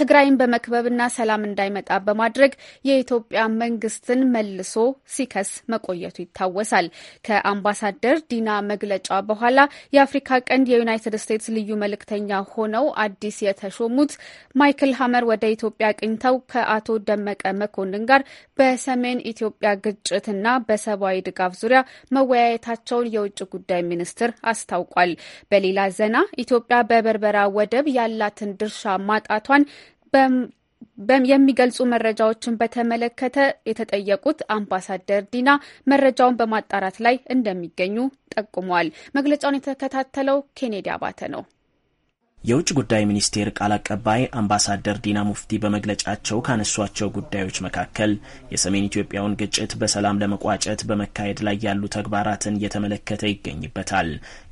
ትግራይን በመክበብና ሰላም እንዳይመጣ በማድረግ የኢትዮጵያ መንግስትን መልሶ ሲከስ መቆየቱ ይታወሳል። ከአምባሳደር ዲና መግለጫ በኋላ የአፍሪካ ቀንድ የዩናይትድ ስቴትስ ልዩ መልእክተኛ ሆነው አዲስ የተሾሙት ማይክል ሀመር ወደ ኢትዮጵያ ቅኝተው ከአቶ ደመቀ መኮንን ጋር በሰሜን ኢትዮጵያ ግጭትና በሰብአዊ ድጋፍ ዙሪያ መወያየታቸውን የውጭ ጉዳይ ሚኒስትር አስታውቋል። በሌላ ዜና ኢትዮጵያ በበርበራ ወደብ ያላትን ድርሻ ማጣቷን የሚገልጹ መረጃዎችን በተመለከተ የተጠየቁት አምባሳደር ዲና መረጃውን በማጣራት ላይ እንደሚገኙ ጠቁመዋል። መግለጫውን የተከታተለው ኬኔዲ አባተ ነው። የውጭ ጉዳይ ሚኒስቴር ቃል አቀባይ አምባሳደር ዲና ሙፍቲ በመግለጫቸው ካነሷቸው ጉዳዮች መካከል የሰሜን ኢትዮጵያውን ግጭት በሰላም ለመቋጨት በመካሄድ ላይ ያሉ ተግባራትን እየተመለከተ ይገኝበታል።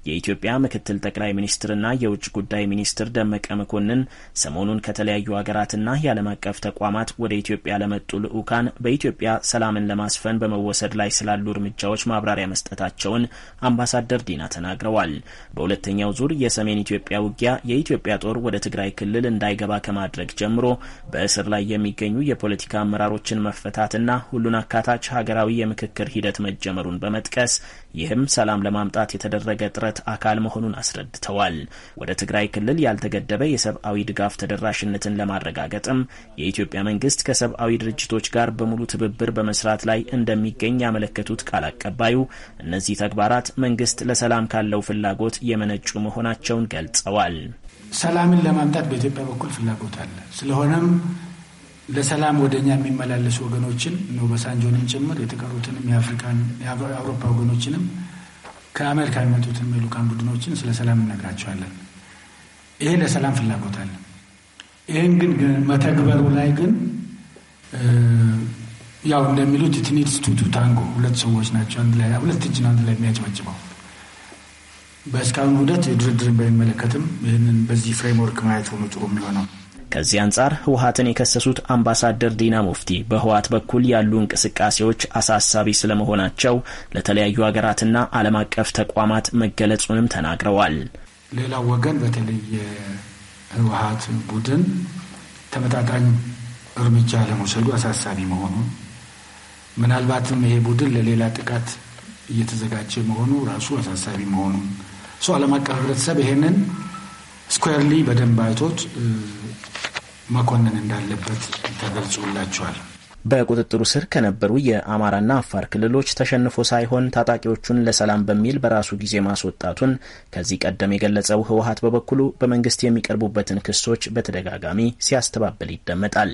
የኢትዮጵያ ምክትል ጠቅላይ ሚኒስትርና የውጭ ጉዳይ ሚኒስትር ደመቀ መኮንን ሰሞኑን ከተለያዩ ሀገራትና የዓለም አቀፍ ተቋማት ወደ ኢትዮጵያ ለመጡ ልዑካን በኢትዮጵያ ሰላምን ለማስፈን በመወሰድ ላይ ስላሉ እርምጃዎች ማብራሪያ መስጠታቸውን አምባሳደር ዲና ተናግረዋል። በሁለተኛው ዙር የሰሜን ኢትዮጵያ ውጊያ የኢትዮጵያ ጦር ወደ ትግራይ ክልል እንዳይገባ ከማድረግ ጀምሮ በእስር ላይ የሚገኙ የፖለቲካ አመራሮችን መፈታትና ሁሉን አካታች ሀገራዊ የምክክር ሂደት መጀመሩን በመጥቀስ ይህም ሰላም ለማምጣት የተደረገ ጥረት አካል መሆኑን አስረድተዋል። ወደ ትግራይ ክልል ያልተገደበ የሰብአዊ ድጋፍ ተደራሽነትን ለማረጋገጥም የኢትዮጵያ መንግስት ከሰብአዊ ድርጅቶች ጋር በሙሉ ትብብር በመስራት ላይ እንደሚገኝ ያመለከቱት ቃል አቀባዩ እነዚህ ተግባራት መንግስት ለሰላም ካለው ፍላጎት የመነጩ መሆናቸውን ገልጸዋል። ሰላምን ለማምጣት በኢትዮጵያ በኩል ፍላጎት አለ። ስለሆነም ለሰላም ወደ እኛ የሚመላለሱ ወገኖችን ነው በሳንጆንም ጭምር የተቀሩትንም የአፍሪካን የአውሮፓ ወገኖችንም ከአሜሪካ የሚመጡትን የልኡካን ቡድኖችን ስለ ሰላም እነግራቸዋለን። ይሄ ለሰላም ፍላጎት አለ። ይህን ግን መተግበሩ ላይ ግን ያው እንደሚሉት ትኒድስ ቱቱ ታንጎ ሁለት ሰዎች ናቸው አንድ ላይ ሁለት እጅ አንድ ላይ የሚያጨበጭበው። በእስካሁን ሂደት የድርድርን ባይመለከትም ይህንን በዚህ ፍሬምወርክ ማየት ሆኖ ጥሩ የሚሆነው ከዚህ አንጻር ህወሀትን የከሰሱት አምባሳደር ዲና ሙፍቲ በህወሀት በኩል ያሉ እንቅስቃሴዎች አሳሳቢ ስለመሆናቸው ለተለያዩ ሀገራትና ዓለም አቀፍ ተቋማት መገለጹንም ተናግረዋል። ሌላው ወገን በተለይ የህወሀት ቡድን ተመጣጣኝ እርምጃ ለመውሰዱ አሳሳቢ መሆኑን ምናልባትም ይሄ ቡድን ለሌላ ጥቃት እየተዘጋጀ መሆኑ ራሱ አሳሳቢ መሆኑን እሱ ዓለም አቀፍ ህብረተሰብ ይሄንን ስኩዌርሊ በደንብ አይቶት መኮንን እንዳለበት ተገልጾላቸዋል። በቁጥጥሩ ስር ከነበሩ የአማራና አፋር ክልሎች ተሸንፎ ሳይሆን ታጣቂዎቹን ለሰላም በሚል በራሱ ጊዜ ማስወጣቱን ከዚህ ቀደም የገለጸው ህወሀት በበኩሉ በመንግስት የሚቀርቡበትን ክሶች በተደጋጋሚ ሲያስተባብል ይደመጣል።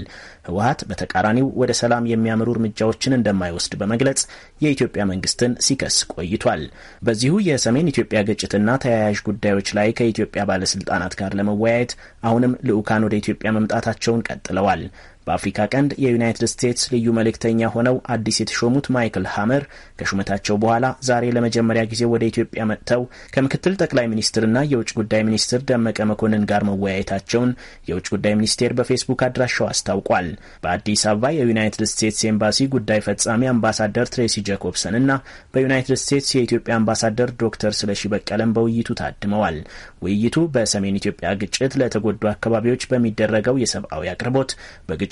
ህወሀት በተቃራኒው ወደ ሰላም የሚያምሩ እርምጃዎችን እንደማይወስድ በመግለጽ የኢትዮጵያ መንግስትን ሲከስ ቆይቷል። በዚሁ የሰሜን ኢትዮጵያ ግጭትና ተያያዥ ጉዳዮች ላይ ከኢትዮጵያ ባለስልጣናት ጋር ለመወያየት አሁንም ልዑካን ወደ ኢትዮጵያ መምጣታቸውን ቀጥለዋል። በአፍሪካ ቀንድ የዩናይትድ ስቴትስ ልዩ መልእክተኛ ሆነው አዲስ የተሾሙት ማይክል ሃመር ከሹመታቸው በኋላ ዛሬ ለመጀመሪያ ጊዜ ወደ ኢትዮጵያ መጥተው ከምክትል ጠቅላይ ሚኒስትርና የውጭ ጉዳይ ሚኒስትር ደመቀ መኮንን ጋር መወያየታቸውን የውጭ ጉዳይ ሚኒስቴር በፌስቡክ አድራሻው አስታውቋል። በአዲስ አበባ የዩናይትድ ስቴትስ ኤምባሲ ጉዳይ ፈጻሚ አምባሳደር ትሬሲ ጃኮብሰን እና በዩናይትድ ስቴትስ የኢትዮጵያ አምባሳደር ዶክተር ስለሺ በቀለም በውይይቱ ታድመዋል። ውይይቱ በሰሜን ኢትዮጵያ ግጭት ለተጎዱ አካባቢዎች በሚደረገው የሰብአዊ አቅርቦት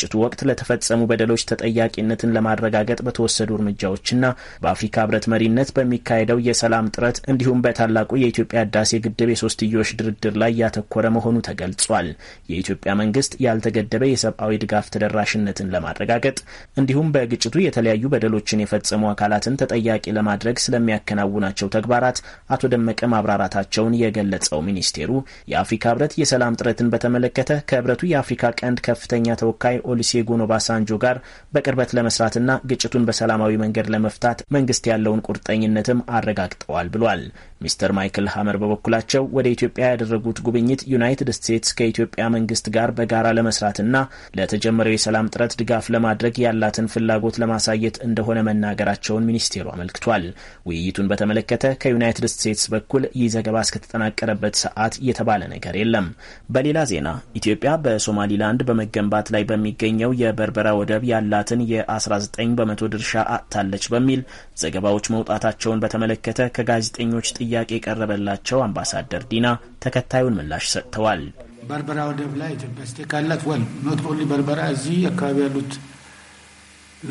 በግጭቱ ወቅት ለተፈጸሙ በደሎች ተጠያቂነትን ለማረጋገጥ በተወሰዱ እርምጃዎችና በአፍሪካ ህብረት መሪነት በሚካሄደው የሰላም ጥረት እንዲሁም በታላቁ የኢትዮጵያ ህዳሴ ግድብ የሶስትዮሽ ድርድር ላይ ያተኮረ መሆኑ ተገልጿል። የኢትዮጵያ መንግስት ያልተገደበ የሰብአዊ ድጋፍ ተደራሽነትን ለማረጋገጥ እንዲሁም በግጭቱ የተለያዩ በደሎችን የፈጸሙ አካላትን ተጠያቂ ለማድረግ ስለሚያከናውናቸው ተግባራት አቶ ደመቀ ማብራራታቸውን የገለጸው ሚኒስቴሩ የአፍሪካ ህብረት የሰላም ጥረትን በተመለከተ ከህብረቱ የአፍሪካ ቀንድ ከፍተኛ ተወካይ ኦሉሴጉን ኦባሳንጆ ጋር በቅርበት ለመስራትና ግጭቱን በሰላማዊ መንገድ ለመፍታት መንግስት ያለውን ቁርጠኝነትም አረጋግጠዋል ብሏል። ሚስተር ማይክል ሀመር በበኩላቸው ወደ ኢትዮጵያ ያደረጉት ጉብኝት ዩናይትድ ስቴትስ ከኢትዮጵያ መንግስት ጋር በጋራ ለመስራትና ለተጀመረው የሰላም ጥረት ድጋፍ ለማድረግ ያላትን ፍላጎት ለማሳየት እንደሆነ መናገራቸውን ሚኒስቴሩ አመልክቷል። ውይይቱን በተመለከተ ከዩናይትድ ስቴትስ በኩል ይህ ዘገባ እስከተጠናቀረበት ሰዓት የተባለ ነገር የለም። በሌላ ዜና ኢትዮጵያ በሶማሊላንድ በመገንባት ላይ በሚ በሚገኘው የበርበራ ወደብ ያላትን የ19 በመቶ ድርሻ አጥታለች በሚል ዘገባዎች መውጣታቸውን በተመለከተ ከጋዜጠኞች ጥያቄ የቀረበላቸው አምባሳደር ዲና ተከታዩን ምላሽ ሰጥተዋል። በርበራ ወደብ ላይ ኢትዮጵያ ስቴክ አላት። ወል ኖት ኦንሊ በርበራ፣ እዚህ አካባቢ ያሉት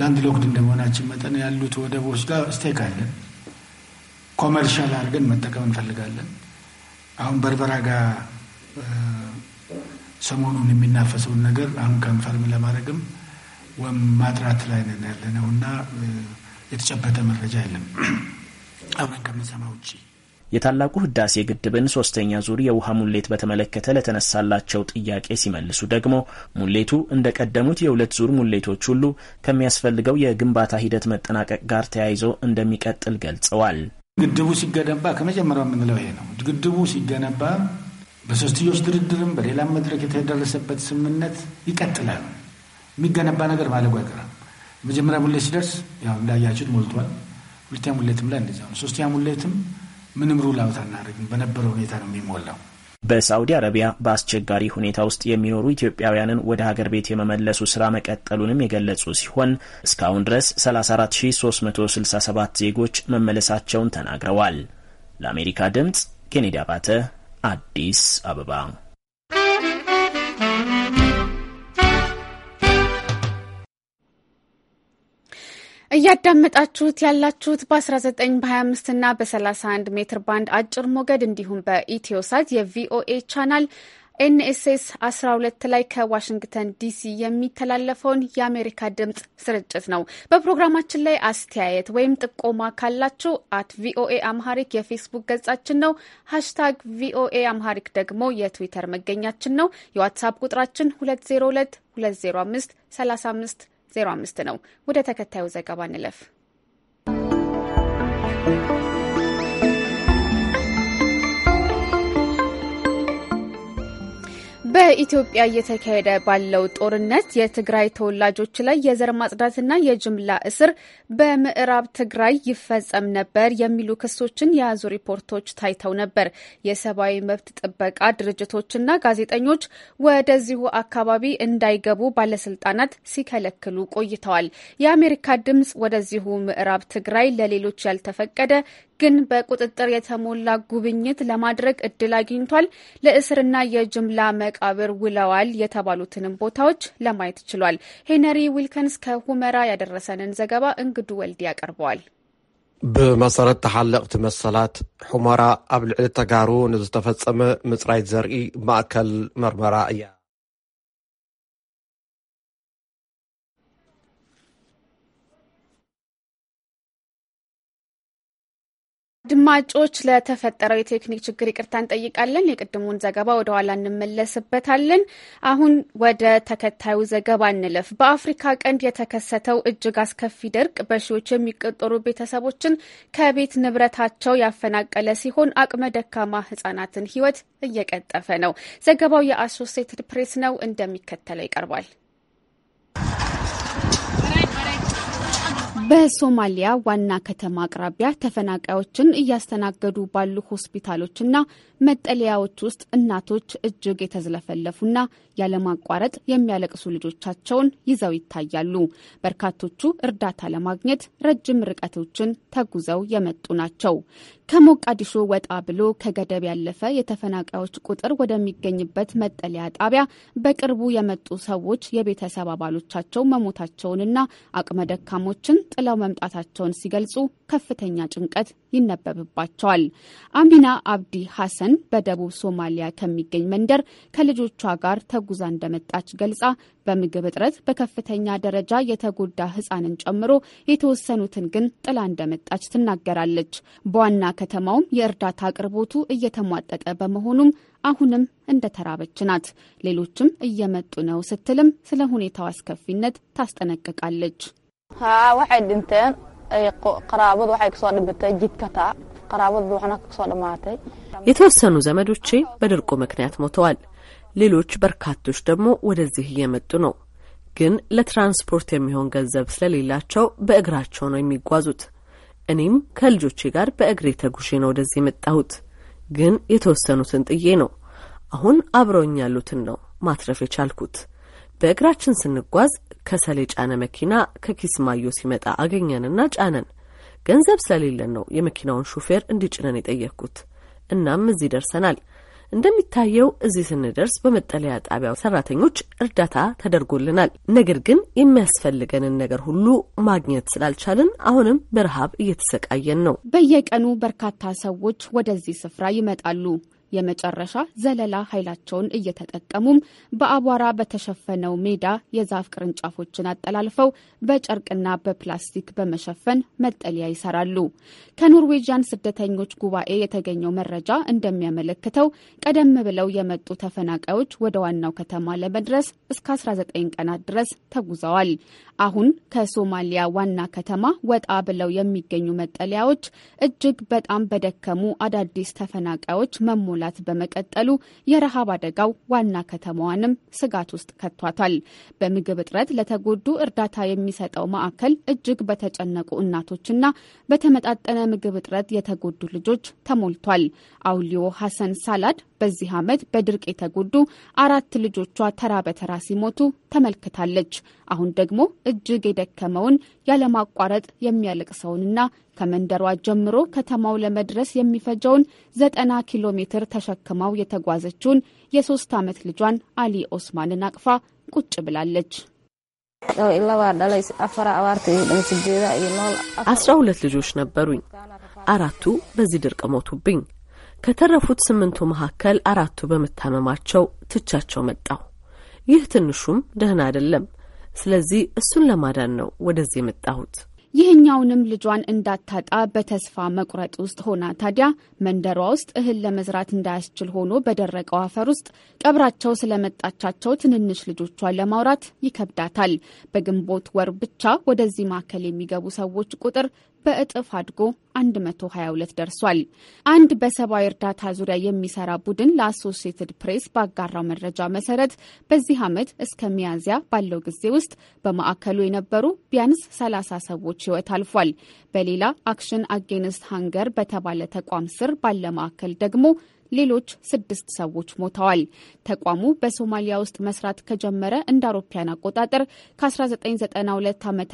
ላንድ ሎክድ እንደመሆናችን መጠን ያሉት ወደቦች ጋር ስቴክ አለን። ኮመርሻል አድርገን መጠቀም እንፈልጋለን። አሁን በርበራ ጋር ሰሞኑን የሚናፈሰውን ነገር አሁን ከንፈርም ለማድረግም ወም ማጥራት ላይ ነን ያለ ነው እና የተጨበጠ መረጃ የለም አብረን ከምንሰማ ውጭ። የታላቁ ህዳሴ ግድብን ሶስተኛ ዙር የውሃ ሙሌት በተመለከተ ለተነሳላቸው ጥያቄ ሲመልሱ ደግሞ ሙሌቱ እንደ ቀደሙት የሁለት ዙር ሙሌቶች ሁሉ ከሚያስፈልገው የግንባታ ሂደት መጠናቀቅ ጋር ተያይዞ እንደሚቀጥል ገልጸዋል። ግድቡ ሲገነባ ከመጀመሪያው የምንለው ይሄ ነው። ግድቡ ሲገነባ በሶስትዮሽ ድርድርም በሌላም መድረክ የተደረሰበት ስምምነት ይቀጥላል። የሚገነባ ነገር ማለጉ አይቀርም። መጀመሪያ ሙሌት ሲደርስ ያው እንዳያችሁት ሞልቷል። ሁለተኛ ሙሌትም ላይ እንደዚያ ነው። ሶስተኛ ሙሌትም ምንም ሩል አውት አናደርግም። በነበረው ሁኔታ ነው የሚሞላው። በሳዑዲ አረቢያ በአስቸጋሪ ሁኔታ ውስጥ የሚኖሩ ኢትዮጵያውያንን ወደ ሀገር ቤት የመመለሱ ስራ መቀጠሉንም የገለጹ ሲሆን እስካሁን ድረስ 34367 ዜጎች መመለሳቸውን ተናግረዋል። ለአሜሪካ ድምጽ ኬኔዲ አባተ አዲስ አበባ እያዳመጣችሁት ያላችሁት በ19 በ25 እና በ31 ሜትር ባንድ አጭር ሞገድ እንዲሁም በኢትዮሳት የቪኦኤ ቻናል ኤንኤስኤስ 12 ላይ ከዋሽንግተን ዲሲ የሚተላለፈውን የአሜሪካ ድምፅ ስርጭት ነው። በፕሮግራማችን ላይ አስተያየት ወይም ጥቆማ ካላችሁ አት ቪኦኤ አምሃሪክ የፌስቡክ ገጻችን ነው። ሃሽታግ ቪኦኤ አምሃሪክ ደግሞ የትዊተር መገኛችን ነው። የዋትሳፕ ቁጥራችን 202 205 ነው። ወደ ተከታዩ ዘገባ እንለፍ። በኢትዮጵያ እየተካሄደ ባለው ጦርነት የትግራይ ተወላጆች ላይ የዘር ማጽዳትና የጅምላ እስር በምዕራብ ትግራይ ይፈጸም ነበር የሚሉ ክሶችን የያዙ ሪፖርቶች ታይተው ነበር። የሰብአዊ መብት ጥበቃ ድርጅቶችና ጋዜጠኞች ወደዚሁ አካባቢ እንዳይገቡ ባለስልጣናት ሲከለክሉ ቆይተዋል። የአሜሪካ ድምጽ ወደዚሁ ምዕራብ ትግራይ ለሌሎች ያልተፈቀደ ግን በቁጥጥር የተሞላ ጉብኝት ለማድረግ እድል አግኝቷል። ለእስርና የጅምላ መቃብር ውለዋል የተባሉትንም ቦታዎች ለማየት ችሏል። ሄነሪ ዊልከንስ ከሁመራ ያደረሰንን ዘገባ እንግዱ ወልድ ያቀርበዋል። ብመሰረት ተሓለቕቲ መሰላት ሑመራ ኣብ ልዕሊ ተጋሩ ንዝተፈጸመ ምጽራይት ዘርኢ ማእከል መርመራ እያ ድማጮች ለተፈጠረው የቴክኒክ ችግር ይቅርታ እንጠይቃለን። የቅድሙን ዘገባ ወደ ኋላ እንመለስበታለን። አሁን ወደ ተከታዩ ዘገባ እንለፍ። በአፍሪካ ቀንድ የተከሰተው እጅግ አስከፊ ድርቅ በሺዎች የሚቆጠሩ ቤተሰቦችን ከቤት ንብረታቸው ያፈናቀለ ሲሆን አቅመ ደካማ ሕጻናትን ሕይወት እየቀጠፈ ነው። ዘገባው የአሶሴትድ ፕሬስ ነው፣ እንደሚከተለው ይቀርባል። በሶማሊያ ዋና ከተማ አቅራቢያ ተፈናቃዮችን እያስተናገዱ ባሉ ሆስፒታሎችና መጠለያዎች ውስጥ እናቶች እጅግ የተዝለፈለፉና ያለማቋረጥ የሚያለቅሱ ልጆቻቸውን ይዘው ይታያሉ። በርካቶቹ እርዳታ ለማግኘት ረጅም ርቀቶችን ተጉዘው የመጡ ናቸው። ከሞቃዲሾ ወጣ ብሎ ከገደብ ያለፈ የተፈናቃዮች ቁጥር ወደሚገኝበት መጠለያ ጣቢያ በቅርቡ የመጡ ሰዎች የቤተሰብ አባሎቻቸው መሞታቸውንና አቅመ ደካሞችን ጥለው መምጣታቸውን ሲገልጹ ከፍተኛ ጭንቀት ይነበብባቸዋል። አሚና አብዲ ሐሰን በደቡብ ሶማሊያ ከሚገኝ መንደር ከልጆቿ ጋር ተጉዛ እንደመጣች ገልጻ በምግብ እጥረት በከፍተኛ ደረጃ የተጎዳ ሕፃንን ጨምሮ የተወሰኑትን ግን ጥላ እንደመጣች ትናገራለች። በዋና ከተማውም የእርዳታ አቅርቦቱ እየተሟጠጠ በመሆኑም አሁንም እንደተራበች ናት። ሌሎችም እየመጡ ነው ስትልም ስለ ሁኔታው አስከፊነት ታስጠነቅቃለች። የተወሰኑ ዘመዶቼ በድርቁ ምክንያት ሞተዋል። ሌሎች በርካቶች ደግሞ ወደዚህ እየመጡ ነው፣ ግን ለትራንስፖርት የሚሆን ገንዘብ ስለሌላቸው በእግራቸው ነው የሚጓዙት። እኔም ከልጆቼ ጋር በእግሬ ተጉሼ ነው ወደዚህ የመጣሁት፣ ግን የተወሰኑትን ጥዬ ነው። አሁን አብረውኝ ያሉትን ነው ማትረፍ የቻልኩት። በእግራችን ስንጓዝ ከሰል የጫነ መኪና ከኪስማዮ ሲመጣ አገኘንና ጫነን። ገንዘብ ስለሌለን ነው የመኪናውን ሹፌር እንዲጭነን የጠየቅኩት። እናም እዚህ ደርሰናል። እንደሚታየው እዚህ ስንደርስ በመጠለያ ጣቢያ ሰራተኞች እርዳታ ተደርጎልናል። ነገር ግን የሚያስፈልገንን ነገር ሁሉ ማግኘት ስላልቻልን አሁንም በረሃብ እየተሰቃየን ነው። በየቀኑ በርካታ ሰዎች ወደዚህ ስፍራ ይመጣሉ። የመጨረሻ ዘለላ ኃይላቸውን እየተጠቀሙም በአቧራ በተሸፈነው ሜዳ የዛፍ ቅርንጫፎችን አጠላልፈው በጨርቅና በፕላስቲክ በመሸፈን መጠለያ ይሰራሉ። ከኖርዌጂያን ስደተኞች ጉባኤ የተገኘው መረጃ እንደሚያመለክተው ቀደም ብለው የመጡ ተፈናቃዮች ወደ ዋናው ከተማ ለመድረስ እስከ 19 ቀናት ድረስ ተጉዘዋል። አሁን ከሶማሊያ ዋና ከተማ ወጣ ብለው የሚገኙ መጠለያዎች እጅግ በጣም በደከሙ አዳዲስ ተፈናቃዮች መሞላት በመቀጠሉ የረሃብ አደጋው ዋና ከተማዋንም ስጋት ውስጥ ከቷታል። በምግብ እጥረት ለተጎዱ እርዳታ የሚሰጠው ማዕከል እጅግ በተጨነቁ እናቶችና በተመጣጠነ ምግብ እጥረት የተጎዱ ልጆች ተሞልቷል። አውሊዮ ሐሰን ሳላድ በዚህ ዓመት በድርቅ የተጎዱ አራት ልጆቿ ተራ በተራ ሲሞቱ ተመልክታለች። አሁን ደግሞ እጅግ የደከመውን ያለማቋረጥ የሚያለቅሰውንና ከመንደሯ ጀምሮ ከተማው ለመድረስ የሚፈጀውን ዘጠና ኪሎ ሜትር ተሸክማው የተጓዘችውን የሶስት ዓመት ልጇን አሊ ኦስማንን አቅፋ ቁጭ ብላለች። አስራ ሁለት ልጆች ነበሩኝ። አራቱ በዚህ ድርቅ ሞቱብኝ። ከተረፉት ስምንቱ መካከል አራቱ በመታመማቸው ትቻቸው መጣሁ። ይህ ትንሹም ደህና አይደለም። ስለዚህ እሱን ለማዳን ነው ወደዚህ የመጣሁት። ይህኛውንም ልጇን እንዳታጣ በተስፋ መቁረጥ ውስጥ ሆና ታዲያ መንደሯ ውስጥ እህል ለመዝራት እንዳያስችል ሆኖ በደረቀው አፈር ውስጥ ቀብራቸው ስለመጣቻቸው ትንንሽ ልጆቿን ለማውራት ይከብዳታል። በግንቦት ወር ብቻ ወደዚህ ማዕከል የሚገቡ ሰዎች ቁጥር በእጥፍ አድጎ 122 ደርሷል። አንድ በሰብአዊ እርዳታ ዙሪያ የሚሰራ ቡድን ለአሶሴትድ ፕሬስ ባጋራው መረጃ መሰረት በዚህ ዓመት እስከ ሚያዝያ ባለው ጊዜ ውስጥ በማዕከሉ የነበሩ ቢያንስ 30 ሰዎች ሕይወት አልፏል። በሌላ አክሽን አጌንስት ሃንገር በተባለ ተቋም ስር ባለ ማዕከል ደግሞ ሌሎች ስድስት ሰዎች ሞተዋል። ተቋሙ በሶማሊያ ውስጥ መስራት ከጀመረ እንደ አውሮፓያን አቆጣጠር ከ1992 ዓ ም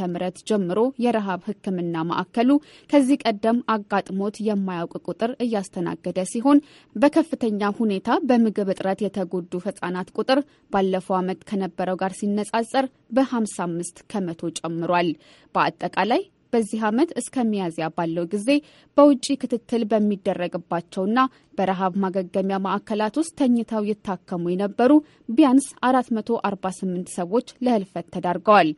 ጀምሮ የረሃብ ሕክምና ማዕከሉ ከዚህ ቀደም አጋጥሞት የማያውቅ ቁጥር እያስተናገደ ሲሆን በከፍተኛ ሁኔታ በምግብ እጥረት የተጎዱ ህጻናት ቁጥር ባለፈው ዓመት ከነበረው ጋር ሲነጻጸር በ55 ከመቶ ጨምሯል። በአጠቃላይ በዚህ ዓመት እስከ ሚያዝያ ባለው ጊዜ በውጪ ክትትል በሚደረግባቸውና በረሃብ ማገገሚያ ማዕከላት ውስጥ ተኝተው ይታከሙ የነበሩ ቢያንስ 448 ሰዎች ለህልፈት ተዳርገዋል።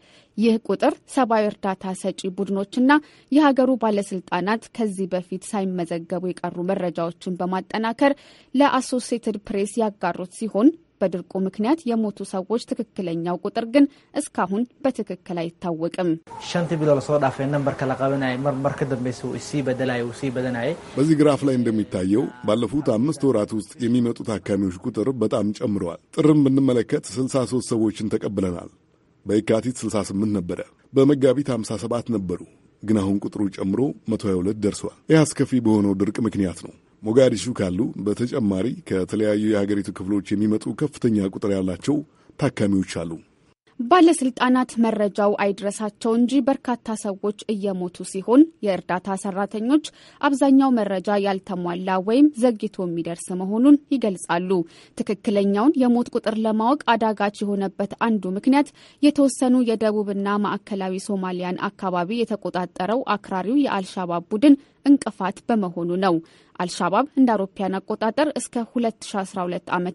ይህ ቁጥር ሰብአዊ እርዳታ ሰጪ ቡድኖችና የሀገሩ ባለስልጣናት ከዚህ በፊት ሳይመዘገቡ የቀሩ መረጃዎችን በማጠናከር ለአሶሴትድ ፕሬስ ያጋሩት ሲሆን በድርቁ ምክንያት የሞቱ ሰዎች ትክክለኛው ቁጥር ግን እስካሁን በትክክል አይታወቅም። በዚህ ግራፍ ላይ እንደሚታየው ባለፉት አምስት ወራት ውስጥ የሚመጡ ታካሚዎች ቁጥር በጣም ጨምረዋል። ጥርም ብንመለከት 63 ሰዎችን ተቀብለናል። በየካቲት 68 ነበረ፣ በመጋቢት 57 ነበሩ። ግን አሁን ቁጥሩ ጨምሮ 122 ደርሷል። ይህ አስከፊ በሆነው ድርቅ ምክንያት ነው። ሞጋዲሹ ካሉ በተጨማሪ ከተለያዩ የሀገሪቱ ክፍሎች የሚመጡ ከፍተኛ ቁጥር ያላቸው ታካሚዎች አሉ። ባለስልጣናት መረጃው አይድረሳቸው እንጂ በርካታ ሰዎች እየሞቱ ሲሆን የእርዳታ ሰራተኞች አብዛኛው መረጃ ያልተሟላ ወይም ዘግይቶ የሚደርስ መሆኑን ይገልጻሉ። ትክክለኛውን የሞት ቁጥር ለማወቅ አዳጋች የሆነበት አንዱ ምክንያት የተወሰኑ የደቡብና ማዕከላዊ ሶማሊያን አካባቢ የተቆጣጠረው አክራሪው የአልሻባብ ቡድን እንቅፋት በመሆኑ ነው። አልሻባብ እንደ አውሮፓያን አቆጣጠር እስከ 2012 ዓ ም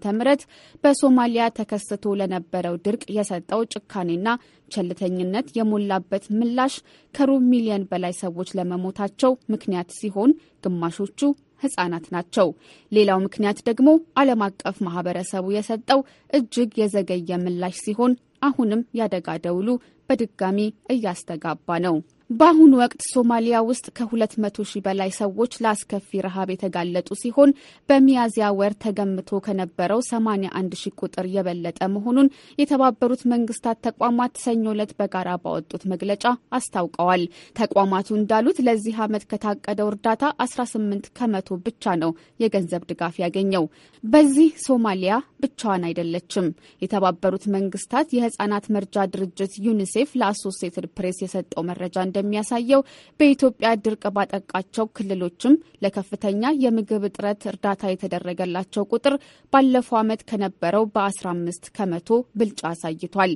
በሶማሊያ ተከስቶ ለነበረው ድርቅ የሰጠው ጭካኔና ቸልተኝነት የሞላበት ምላሽ ከሩብ ሚሊዮን በላይ ሰዎች ለመሞታቸው ምክንያት ሲሆን ግማሾቹ ህጻናት ናቸው። ሌላው ምክንያት ደግሞ ዓለም አቀፍ ማህበረሰቡ የሰጠው እጅግ የዘገየ ምላሽ ሲሆን አሁንም ያደጋ ደውሉ በድጋሚ እያስተጋባ ነው። በአሁኑ ወቅት ሶማሊያ ውስጥ ከ200 ሺህ በላይ ሰዎች ለአስከፊ ረሃብ የተጋለጡ ሲሆን በሚያዝያ ወር ተገምቶ ከነበረው 81 ሺህ ቁጥር የበለጠ መሆኑን የተባበሩት መንግስታት ተቋማት ሰኞ ዕለት በጋራ ባወጡት መግለጫ አስታውቀዋል። ተቋማቱ እንዳሉት ለዚህ ዓመት ከታቀደው እርዳታ 18 ከመቶ ብቻ ነው የገንዘብ ድጋፍ ያገኘው። በዚህ ሶማሊያ ብቻዋን አይደለችም። የተባበሩት መንግስታት የህጻናት መርጃ ድርጅት ዩኒሴፍ ዩኒሴፍ ለአሶሴትድ ፕሬስ የሰጠው መረጃ እንደሚያሳየው በኢትዮጵያ ድርቅ ባጠቃቸው ክልሎችም ለከፍተኛ የምግብ እጥረት እርዳታ የተደረገላቸው ቁጥር ባለፈው ዓመት ከነበረው በ15 ከመቶ ብልጫ አሳይቷል።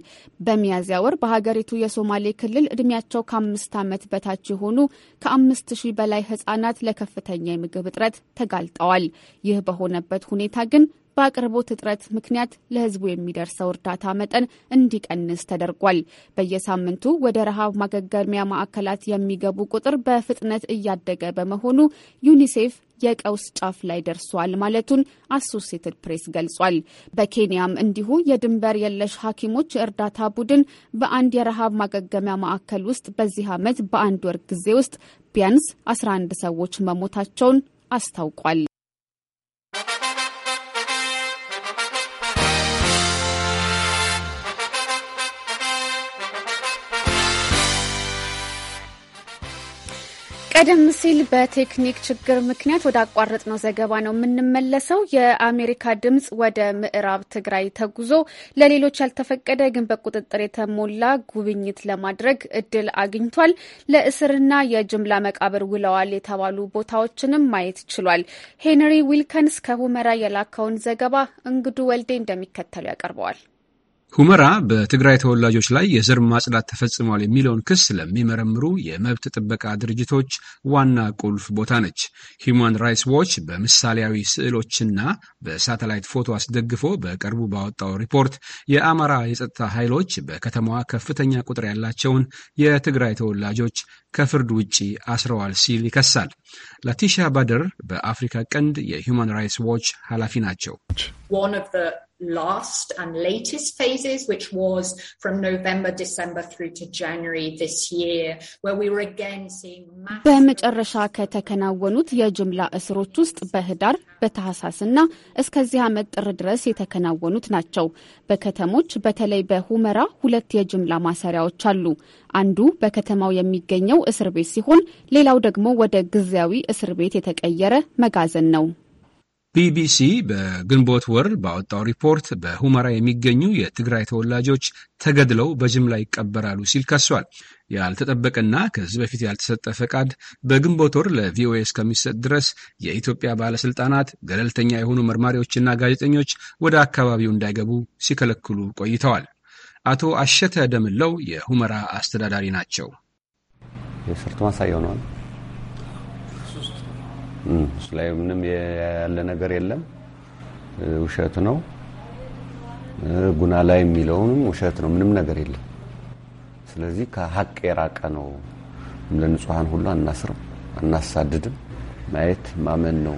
በሚያዝያ ወር በሀገሪቱ የሶማሌ ክልል እድሜያቸው ከአምስት ዓመት በታች የሆኑ ከአምስት ሺህ በላይ ህጻናት ለከፍተኛ የምግብ እጥረት ተጋልጠዋል። ይህ በሆነበት ሁኔታ ግን በአቅርቦት እጥረት ምክንያት ለህዝቡ የሚደርሰው እርዳታ መጠን እንዲቀንስ ተደርጓል። በየሳምንቱ ወደ ረሃብ ማገገሚያ ማዕከላት የሚገቡ ቁጥር በፍጥነት እያደገ በመሆኑ ዩኒሴፍ የቀውስ ጫፍ ላይ ደርሷል ማለቱን አሶሴትድ ፕሬስ ገልጿል። በኬንያም እንዲሁ የድንበር የለሽ ሐኪሞች እርዳታ ቡድን በአንድ የረሃብ ማገገሚያ ማዕከል ውስጥ በዚህ ዓመት በአንድ ወር ጊዜ ውስጥ ቢያንስ 11 ሰዎች መሞታቸውን አስታውቋል። ቀደም ሲል በቴክኒክ ችግር ምክንያት ወደ አቋረጥነው ዘገባ ነው የምንመለሰው። የአሜሪካ ድምፅ ወደ ምዕራብ ትግራይ ተጉዞ ለሌሎች ያልተፈቀደ ግን በቁጥጥር የተሞላ ጉብኝት ለማድረግ እድል አግኝቷል። ለእስርና የጅምላ መቃብር ውለዋል የተባሉ ቦታዎችንም ማየት ችሏል። ሄንሪ ዊልከንስ ከሁመራ የላከውን ዘገባ እንግዱ ወልዴ እንደሚከተሉ ያቀርበዋል። ሁመራ በትግራይ ተወላጆች ላይ የዘር ማጽዳት ተፈጽሟል የሚለውን ክስ ለሚመረምሩ የመብት ጥበቃ ድርጅቶች ዋና ቁልፍ ቦታ ነች። ሂውማን ራይትስ ዎች በምሳሌያዊ ስዕሎችና በሳተላይት ፎቶ አስደግፎ በቅርቡ ባወጣው ሪፖርት የአማራ የጸጥታ ኃይሎች በከተማዋ ከፍተኛ ቁጥር ያላቸውን የትግራይ ተወላጆች ከፍርድ ውጪ አስረዋል ሲል ይከሳል። ላቲሻ ባደር በአፍሪካ ቀንድ የሂውማን ራይትስ ዎች ኃላፊ ናቸው። last and latest phases, which was from November, December through to January this year, where we were again seeing በመጨረሻ ከተከናወኑት የጅምላ እስሮች ውስጥ በህዳር በታህሳስና እስከዚህ ዓመት ጥር ድረስ የተከናወኑት ናቸው። በከተሞች በተለይ በሁመራ ሁለት የጅምላ ማሰሪያዎች አሉ። አንዱ በከተማው የሚገኘው እስር ቤት ሲሆን፣ ሌላው ደግሞ ወደ ጊዜያዊ እስር ቤት የተቀየረ መጋዘን ነው። ቢቢሲ በግንቦት ወር ባወጣው ሪፖርት በሁመራ የሚገኙ የትግራይ ተወላጆች ተገድለው በጅምላ ይቀበራሉ ሲል ከሷል። ያልተጠበቀና ከዚህ በፊት ያልተሰጠ ፈቃድ በግንቦት ወር ለቪኦኤ እስከሚሰጥ ድረስ የኢትዮጵያ ባለስልጣናት ገለልተኛ የሆኑ መርማሪዎችና ጋዜጠኞች ወደ አካባቢው እንዳይገቡ ሲከለክሉ ቆይተዋል። አቶ አሸተ ደምለው የሁመራ አስተዳዳሪ ናቸው። የሰርቱ ማሳያ ሆነዋል እሱ ላይ ምንም ያለ ነገር የለም። ውሸት ነው። ጉና ላይ የሚለውንም ውሸት ነው። ምንም ነገር የለም። ስለዚህ ከሀቅ የራቀ ነው። ለንጹሐን ሁሉ አናስርም፣ አናሳድድም። ማየት ማመን ነው።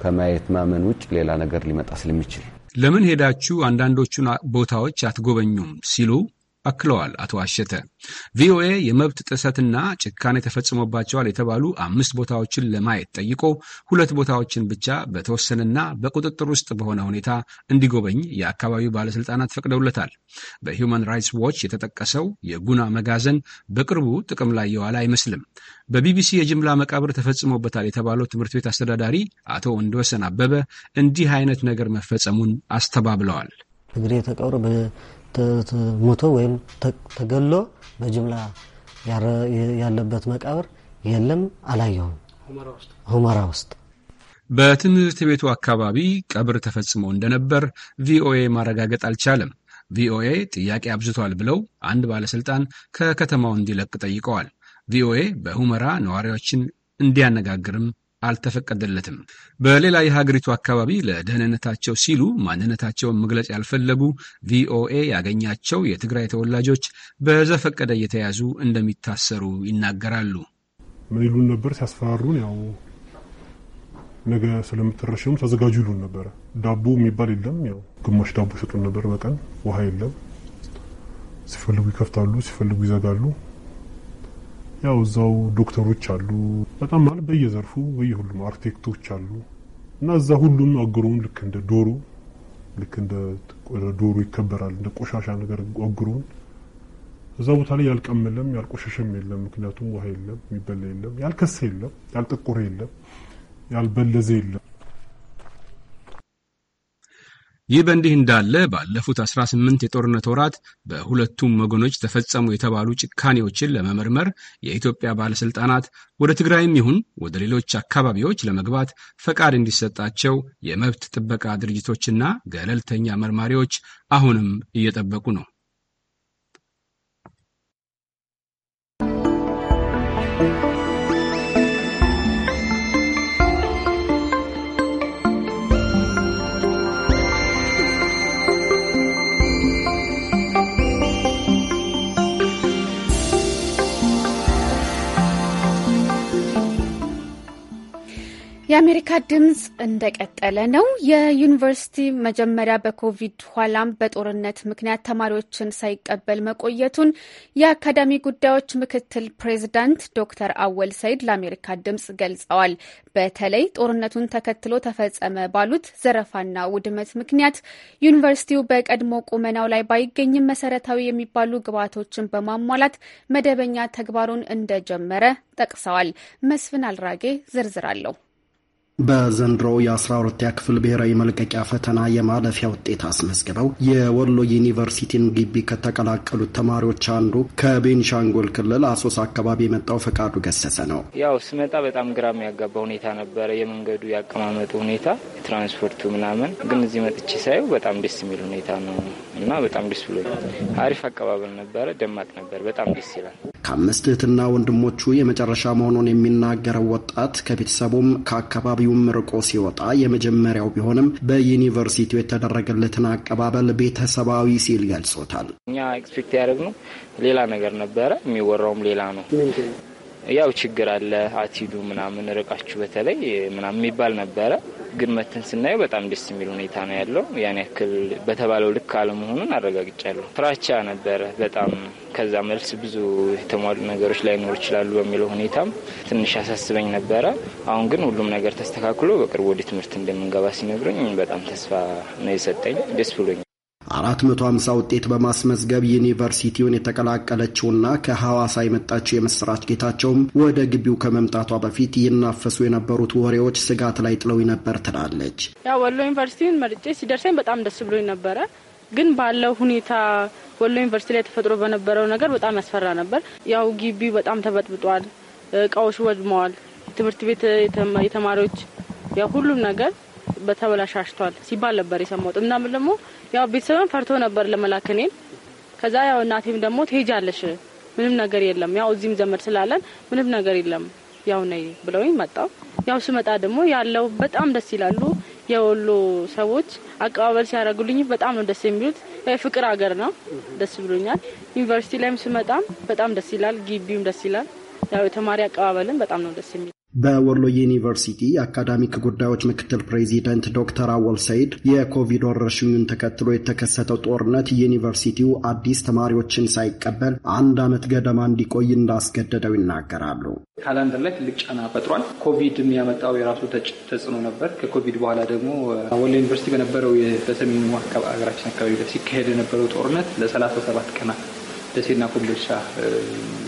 ከማየት ማመን ውጭ ሌላ ነገር ሊመጣ ስለሚችል ለምን ሄዳችሁ አንዳንዶቹን ቦታዎች አትጎበኙም ሲሉ አክለዋል አቶ አሸተ። ቪኦኤ የመብት ጥሰትና ጭካኔ ተፈጽሞባቸዋል የተባሉ አምስት ቦታዎችን ለማየት ጠይቆ ሁለት ቦታዎችን ብቻ በተወሰነና በቁጥጥር ውስጥ በሆነ ሁኔታ እንዲጎበኝ የአካባቢው ባለስልጣናት ፈቅደውለታል። በሂውማን ራይትስ ዎች የተጠቀሰው የጉና መጋዘን በቅርቡ ጥቅም ላይ የዋለ አይመስልም። በቢቢሲ የጅምላ መቃብር ተፈጽሞበታል የተባለው ትምህርት ቤት አስተዳዳሪ አቶ ወንድወሰን አበበ እንዲህ አይነት ነገር መፈጸሙን አስተባብለዋል። እንግዲህ ተቀብሮ ሞቶ ወይም ተገሎ በጅምላ ያለበት መቃብር የለም፣ አላየውም። ሁመራ ውስጥ በትምህርት ቤቱ አካባቢ ቀብር ተፈጽሞ እንደነበር ቪኦኤ ማረጋገጥ አልቻለም። ቪኦኤ ጥያቄ አብዝቷል ብለው አንድ ባለሥልጣን ከከተማው እንዲለቅ ጠይቀዋል። ቪኦኤ በሁመራ ነዋሪዎችን እንዲያነጋግርም አልተፈቀደለትም። በሌላ የሀገሪቱ አካባቢ ለደህንነታቸው ሲሉ ማንነታቸውን መግለጽ ያልፈለጉ ቪኦኤ ያገኛቸው የትግራይ ተወላጆች በዘፈቀደ እየተያዙ እንደሚታሰሩ ይናገራሉ። ምን ይሉን ነበር? ሲያስፈራሩን ያው ነገ ስለምትረሸኑ ተዘጋጁ ይሉን ነበረ። ዳቦ የሚባል የለም። ያው ግማሽ ዳቦ ይሰጡን ነበር በቀን ውሃ የለም። ሲፈልጉ ይከፍታሉ፣ ሲፈልጉ ይዘጋሉ። ያው እዛው ዶክተሮች አሉ፣ በጣም ማለት በየዘርፉ በየሁሉም አርክቴክቶች አሉ እና እዛ ሁሉም አግሩም ልክ እንደ ዶሮ ልክ እንደ ዶሮ ይከበራል። እንደ ቆሻሻ ነገር አግሩን እዛ ቦታ ላይ ያልቀመለም ያልቆሸሸም የለም። ምክንያቱም ውሃ የለም፣ የሚበላ የለም፣ ያልከሰ የለም፣ ያልጠቆረ የለም፣ ያልበለዘ የለም። ይህ በእንዲህ እንዳለ ባለፉት 18 የጦርነት ወራት በሁለቱም ወገኖች ተፈጸሙ የተባሉ ጭካኔዎችን ለመመርመር የኢትዮጵያ ባለሥልጣናት ወደ ትግራይም ይሁን ወደ ሌሎች አካባቢዎች ለመግባት ፈቃድ እንዲሰጣቸው የመብት ጥበቃ ድርጅቶችና ገለልተኛ መርማሪዎች አሁንም እየጠበቁ ነው። የአሜሪካ ድምፅ እንደቀጠለ ነው። የዩኒቨርሲቲ መጀመሪያ በኮቪድ ኋላም በጦርነት ምክንያት ተማሪዎችን ሳይቀበል መቆየቱን የአካዳሚ ጉዳዮች ምክትል ፕሬዚዳንት ዶክተር አወል ሰይድ ለአሜሪካ ድምፅ ገልጸዋል። በተለይ ጦርነቱን ተከትሎ ተፈጸመ ባሉት ዘረፋና ውድመት ምክንያት ዩኒቨርሲቲው በቀድሞ ቁመናው ላይ ባይገኝም መሰረታዊ የሚባሉ ግብዓቶችን በማሟላት መደበኛ ተግባሩን እንደጀመረ ጠቅሰዋል። መስፍን አልራጌ ዝርዝር አለው። በዘንድሮ የ12ኛ ክፍል ብሔራዊ መልቀቂያ ፈተና የማለፊያ ውጤት አስመዝግበው የወሎ ዩኒቨርሲቲን ግቢ ከተቀላቀሉት ተማሪዎች አንዱ ከቤንሻንጉል ክልል አሶስ አካባቢ የመጣው ፈቃዱ ገሰሰ ነው። ያው ስመጣ በጣም ግራም ያጋባ ሁኔታ ነበረ፣ የመንገዱ ያቀማመጡ ሁኔታ፣ የትራንስፖርቱ ምናምን። ግን እዚህ መጥቼ ሳየው በጣም ደስ የሚል ሁኔታ ነው እና በጣም ደስ ብሎ አሪፍ አቀባበል ነበረ፣ ደማቅ ነበር፣ በጣም ደስ ይላል። ከአምስት እህትና ወንድሞቹ የመጨረሻ መሆኑን የሚናገረው ወጣት ከቤተሰቡም ከአካባቢ ከአካባቢውም ርቆ ሲወጣ የመጀመሪያው ቢሆንም በዩኒቨርሲቲው የተደረገለትን አቀባበል ቤተሰባዊ ሲል ገልጾታል። እኛ ኤክስፔክት ያደረግነው ሌላ ነገር ነበረ፣ የሚወራውም ሌላ ነው። ያው ችግር አለ አትሂዱ ምናምን ርቃችሁ በተለይ ምናምን የሚባል ነበረ። ግን መተን ስናየው በጣም ደስ የሚል ሁኔታ ነው ያለው። ያን ያክል በተባለው ልክ አለመሆኑን አረጋግጫለሁ። ፍራቻ ነበረ በጣም ከዛ መልስ ብዙ የተሟሉ ነገሮች ላይኖሩ ይችላሉ በሚለው ሁኔታም ትንሽ ያሳስበኝ ነበረ። አሁን ግን ሁሉም ነገር ተስተካክሎ በቅርቡ ወደ ትምህርት እንደምንገባ ሲነግሩኝ በጣም ተስፋ ነው የሰጠኝ። ደስ ብሎኝ 450 ውጤት በማስመዝገብ ዩኒቨርሲቲውን የተቀላቀለችውና ከሐዋሳ የመጣችው የምስራች ጌታቸውም ወደ ግቢው ከመምጣቷ በፊት ይናፈሱ የነበሩት ወሬዎች ስጋት ላይ ጥለው ነበር ትላለች። ያ ወሎ ዩኒቨርሲቲን መርጬ ሲደርሰኝ በጣም ደስ ብሎኝ ነበረ። ግን ባለው ሁኔታ ወሎ ዩኒቨርሲቲ ላይ ተፈጥሮ በነበረው ነገር በጣም ያስፈራ ነበር። ያው ግቢው በጣም ተበጥብጧል፣ እቃዎች ወድመዋል፣ ትምህርት ቤት የተማሪዎች፣ ያው ሁሉም ነገር በተበላሻሽቷል ሲባል ነበር የሰማሁት። እናም ደግሞ ያው ቤተሰብን ፈርቶ ነበር ለመላክ እኔን። ከዛ ያው እናቴም ደግሞ ትሄጃለሽ፣ ምንም ነገር የለም ያው እዚህም ዘመድ ስላለን ምንም ነገር የለም ያው ነይ ብለውኝ መጣው። ያው ስመጣ ደግሞ ያለው በጣም ደስ ይላሉ። የወሎ ሰዎች አቀባበል ሲያደርጉልኝ በጣም ነው ደስ የሚሉት። የፍቅር ሀገር ነው፣ ደስ ብሎኛል። ዩኒቨርሲቲ ላይም ስመጣም በጣም ደስ ይላል፣ ግቢውም ደስ ይላል። ያው የተማሪ አቀባበልን በጣም ነው ደስ የሚል በወሎ ዩኒቨርሲቲ የአካዳሚክ ጉዳዮች ምክትል ፕሬዚደንት ዶክተር አወል ሰይድ የኮቪድ ወረርሽኙን ተከትሎ የተከሰተው ጦርነት ዩኒቨርሲቲው አዲስ ተማሪዎችን ሳይቀበል አንድ ዓመት ገደማ እንዲቆይ እንዳስገደደው ይናገራሉ። ካላንደር ላይ ትልቅ ጫና ፈጥሯል። ኮቪድ የሚያመጣው የራሱ ተጽዕኖ ነበር። ከኮቪድ በኋላ ደግሞ ወሎ ዩኒቨርሲቲ በነበረው በሰሜኑ ሀገራችን አካባቢ ሲካሄድ የነበረው ጦርነት ለሰላሳ ሰባት ቀናት ደሴና ኮምቦልቻ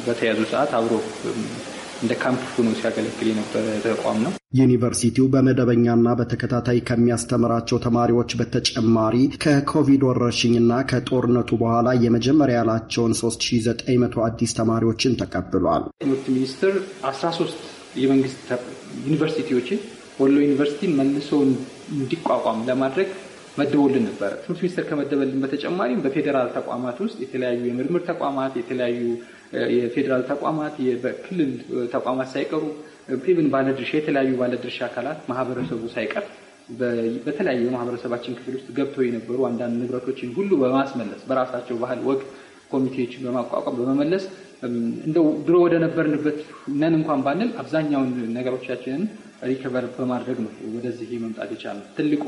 በተያዙ ሰዓት አብሮ እንደ ካምፕ ሆኖ ሲያገለግል የነበረ ተቋም ነው። ዩኒቨርሲቲው በመደበኛና በተከታታይ ከሚያስተምራቸው ተማሪዎች በተጨማሪ ከኮቪድ ወረርሽኝና ከጦርነቱ በኋላ የመጀመሪያ ያላቸውን 3900 አዲስ ተማሪዎችን ተቀብሏል። ትምህርት ሚኒስቴር 13 የመንግስት ዩኒቨርሲቲዎችን ወሎ ዩኒቨርሲቲን መልሶ እንዲቋቋም ለማድረግ መደወልን ነበረ። ትምህርት ሚኒስቴር ከመደበልን በተጨማሪም በፌዴራል ተቋማት ውስጥ የተለያዩ የምርምር ተቋማት የተለያዩ የፌዴራል ተቋማት፣ በክልል ተቋማት ሳይቀሩ ኢቭን ባለድርሻ የተለያዩ ባለድርሻ አካላት ማህበረሰቡ ሳይቀር በተለያዩ የማህበረሰባችን ክፍል ውስጥ ገብተው የነበሩ አንዳንድ ንብረቶችን ሁሉ በማስመለስ በራሳቸው ባህል ወግ ኮሚቴዎችን በማቋቋም በመመለስ እንደው ድሮ ወደ ነበርንበት ነን እንኳን ባንል አብዛኛውን ነገሮቻችንን ሪከቨር በማድረግ ነው ወደዚህ መምጣት የቻልነው። ትልቁ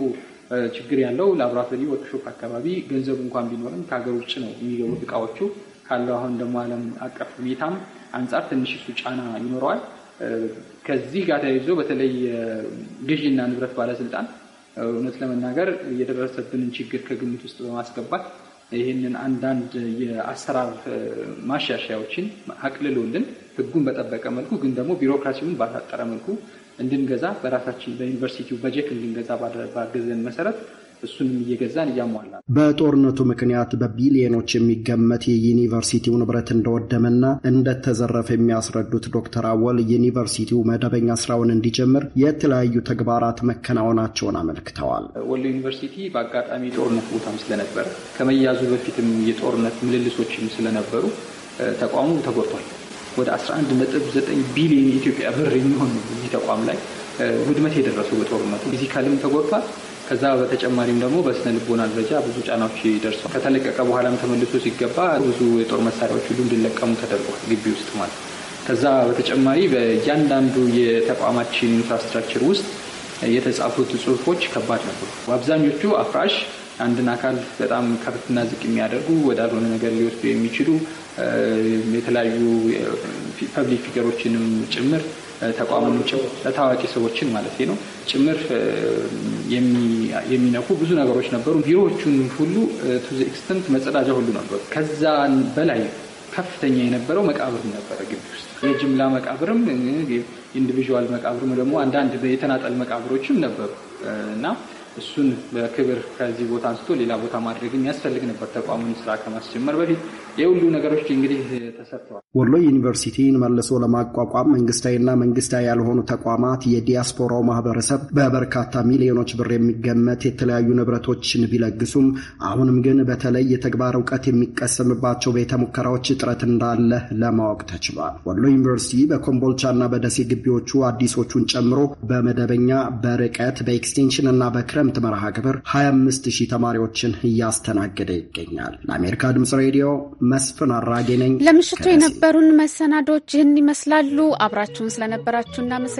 ችግር ያለው ላብራቶሪ ወርክሾፕ አካባቢ ገንዘቡ እንኳን ቢኖርም ከሀገር ውጭ ነው የሚገቡት እቃዎቹ። ካለው አሁን ደግሞ ዓለም አቀፍ ሁኔታም አንጻር ትንሽ እሱ ጫና ይኖረዋል። ከዚህ ጋር ተያይዞ በተለይ ግዥና ንብረት ባለስልጣን እውነት ለመናገር የደረሰብንን ችግር ከግምት ውስጥ በማስገባት ይህንን አንዳንድ የአሰራር ማሻሻያዎችን አቅልሎልን ህጉን በጠበቀ መልኩ ግን ደግሞ ቢሮክራሲውን ባሳጠረ መልኩ እንድንገዛ በራሳችን በዩኒቨርሲቲው በጀት እንድንገዛ ባገዘን መሰረት እሱንም እየገዛን እያሟላ በጦርነቱ ምክንያት በቢሊዮኖች የሚገመት የዩኒቨርሲቲው ንብረት እንደወደመና እንደተዘረፈ የሚያስረዱት ዶክተር አወል ዩኒቨርሲቲው መደበኛ ስራውን እንዲጀምር የተለያዩ ተግባራት መከናወናቸውን አመልክተዋል። ወሎ ዩኒቨርሲቲ በአጋጣሚ ጦርነት ቦታም ስለነበረ ከመያዙ በፊትም የጦርነት ምልልሶችም ስለነበሩ ተቋሙ ተጎድቷል። ወደ 11.9 ቢሊዮን የኢትዮጵያ ብር የሚሆን ነው እዚህ ተቋም ላይ ውድመት የደረሰው በጦርነቱ ፊዚካልም ተጎድቷል። ከዛ በተጨማሪም ደግሞ በስነ ልቦና ደረጃ ብዙ ጫናዎች ደርሷል። ከተለቀቀ በኋላም ተመልሶ ሲገባ ብዙ የጦር መሳሪያዎች ሁሉ እንዲለቀሙ ተደርጓል፣ ግቢ ውስጥ ማለት ነው። ከዛ በተጨማሪ በእያንዳንዱ የተቋማችን ኢንፍራስትራክቸር ውስጥ የተጻፉት ጽሁፎች ከባድ ነበሩ። አብዛኞቹ አፍራሽ አንድን አካል በጣም ከፍትና ዝቅ የሚያደርጉ ወዳልሆነ ነገር ሊወስዱ የሚችሉ የተለያዩ ፐብሊክ ፊገሮችንም ጭምር ተቋሞችም ለታዋቂ ሰዎችን ማለት ነው ጭምር የሚነኩ ብዙ ነገሮች ነበሩ። ቢሮዎቹን ሁሉ ቱ ኤክስተንት መጸዳጃ ሁሉ ነበሩ። ከዛ በላይ ከፍተኛ የነበረው መቃብርም ነበረ ግቢ ውስጥ የጅምላ መቃብርም ኢንዲቪዥዋል መቃብርም ደግሞ አንዳንድ የተናጠል መቃብሮችም ነበሩ እና እሱን በክብር ከዚህ ቦታ አንስቶ ሌላ ቦታ ማድረግ የሚያስፈልግ ነበር። ተቋሙን ስራ ከማስጀመር በፊት የሁሉ ነገሮች እንግዲህ ተሰጥተዋል። ወሎ ዩኒቨርሲቲን መልሶ ለማቋቋም መንግስታዊና መንግስታዊ ያልሆኑ ተቋማት የዲያስፖራው ማህበረሰብ በበርካታ ሚሊዮኖች ብር የሚገመት የተለያዩ ንብረቶችን ቢለግሱም አሁንም ግን በተለይ የተግባር እውቀት የሚቀሰምባቸው ቤተ ሙከራዎች እጥረት እንዳለ ለማወቅ ተችሏል። ወሎ ዩኒቨርሲቲ በኮምቦልቻና በደሴ ግቢዎቹ አዲሶቹን ጨምሮ በመደበኛ በርቀት በኤክስቴንሽን እና በክረምት መርሃ ግብር 25 ሺህ ተማሪዎችን እያስተናገደ ይገኛል። ለአሜሪካ ድምጽ ሬዲዮ መስፍን አራጌ ነኝ። ለምሽቱ የነበሩን መሰናዶች ይህን ይመስላሉ። አብራችሁን ስለነበራችሁ እናመሰግናለን።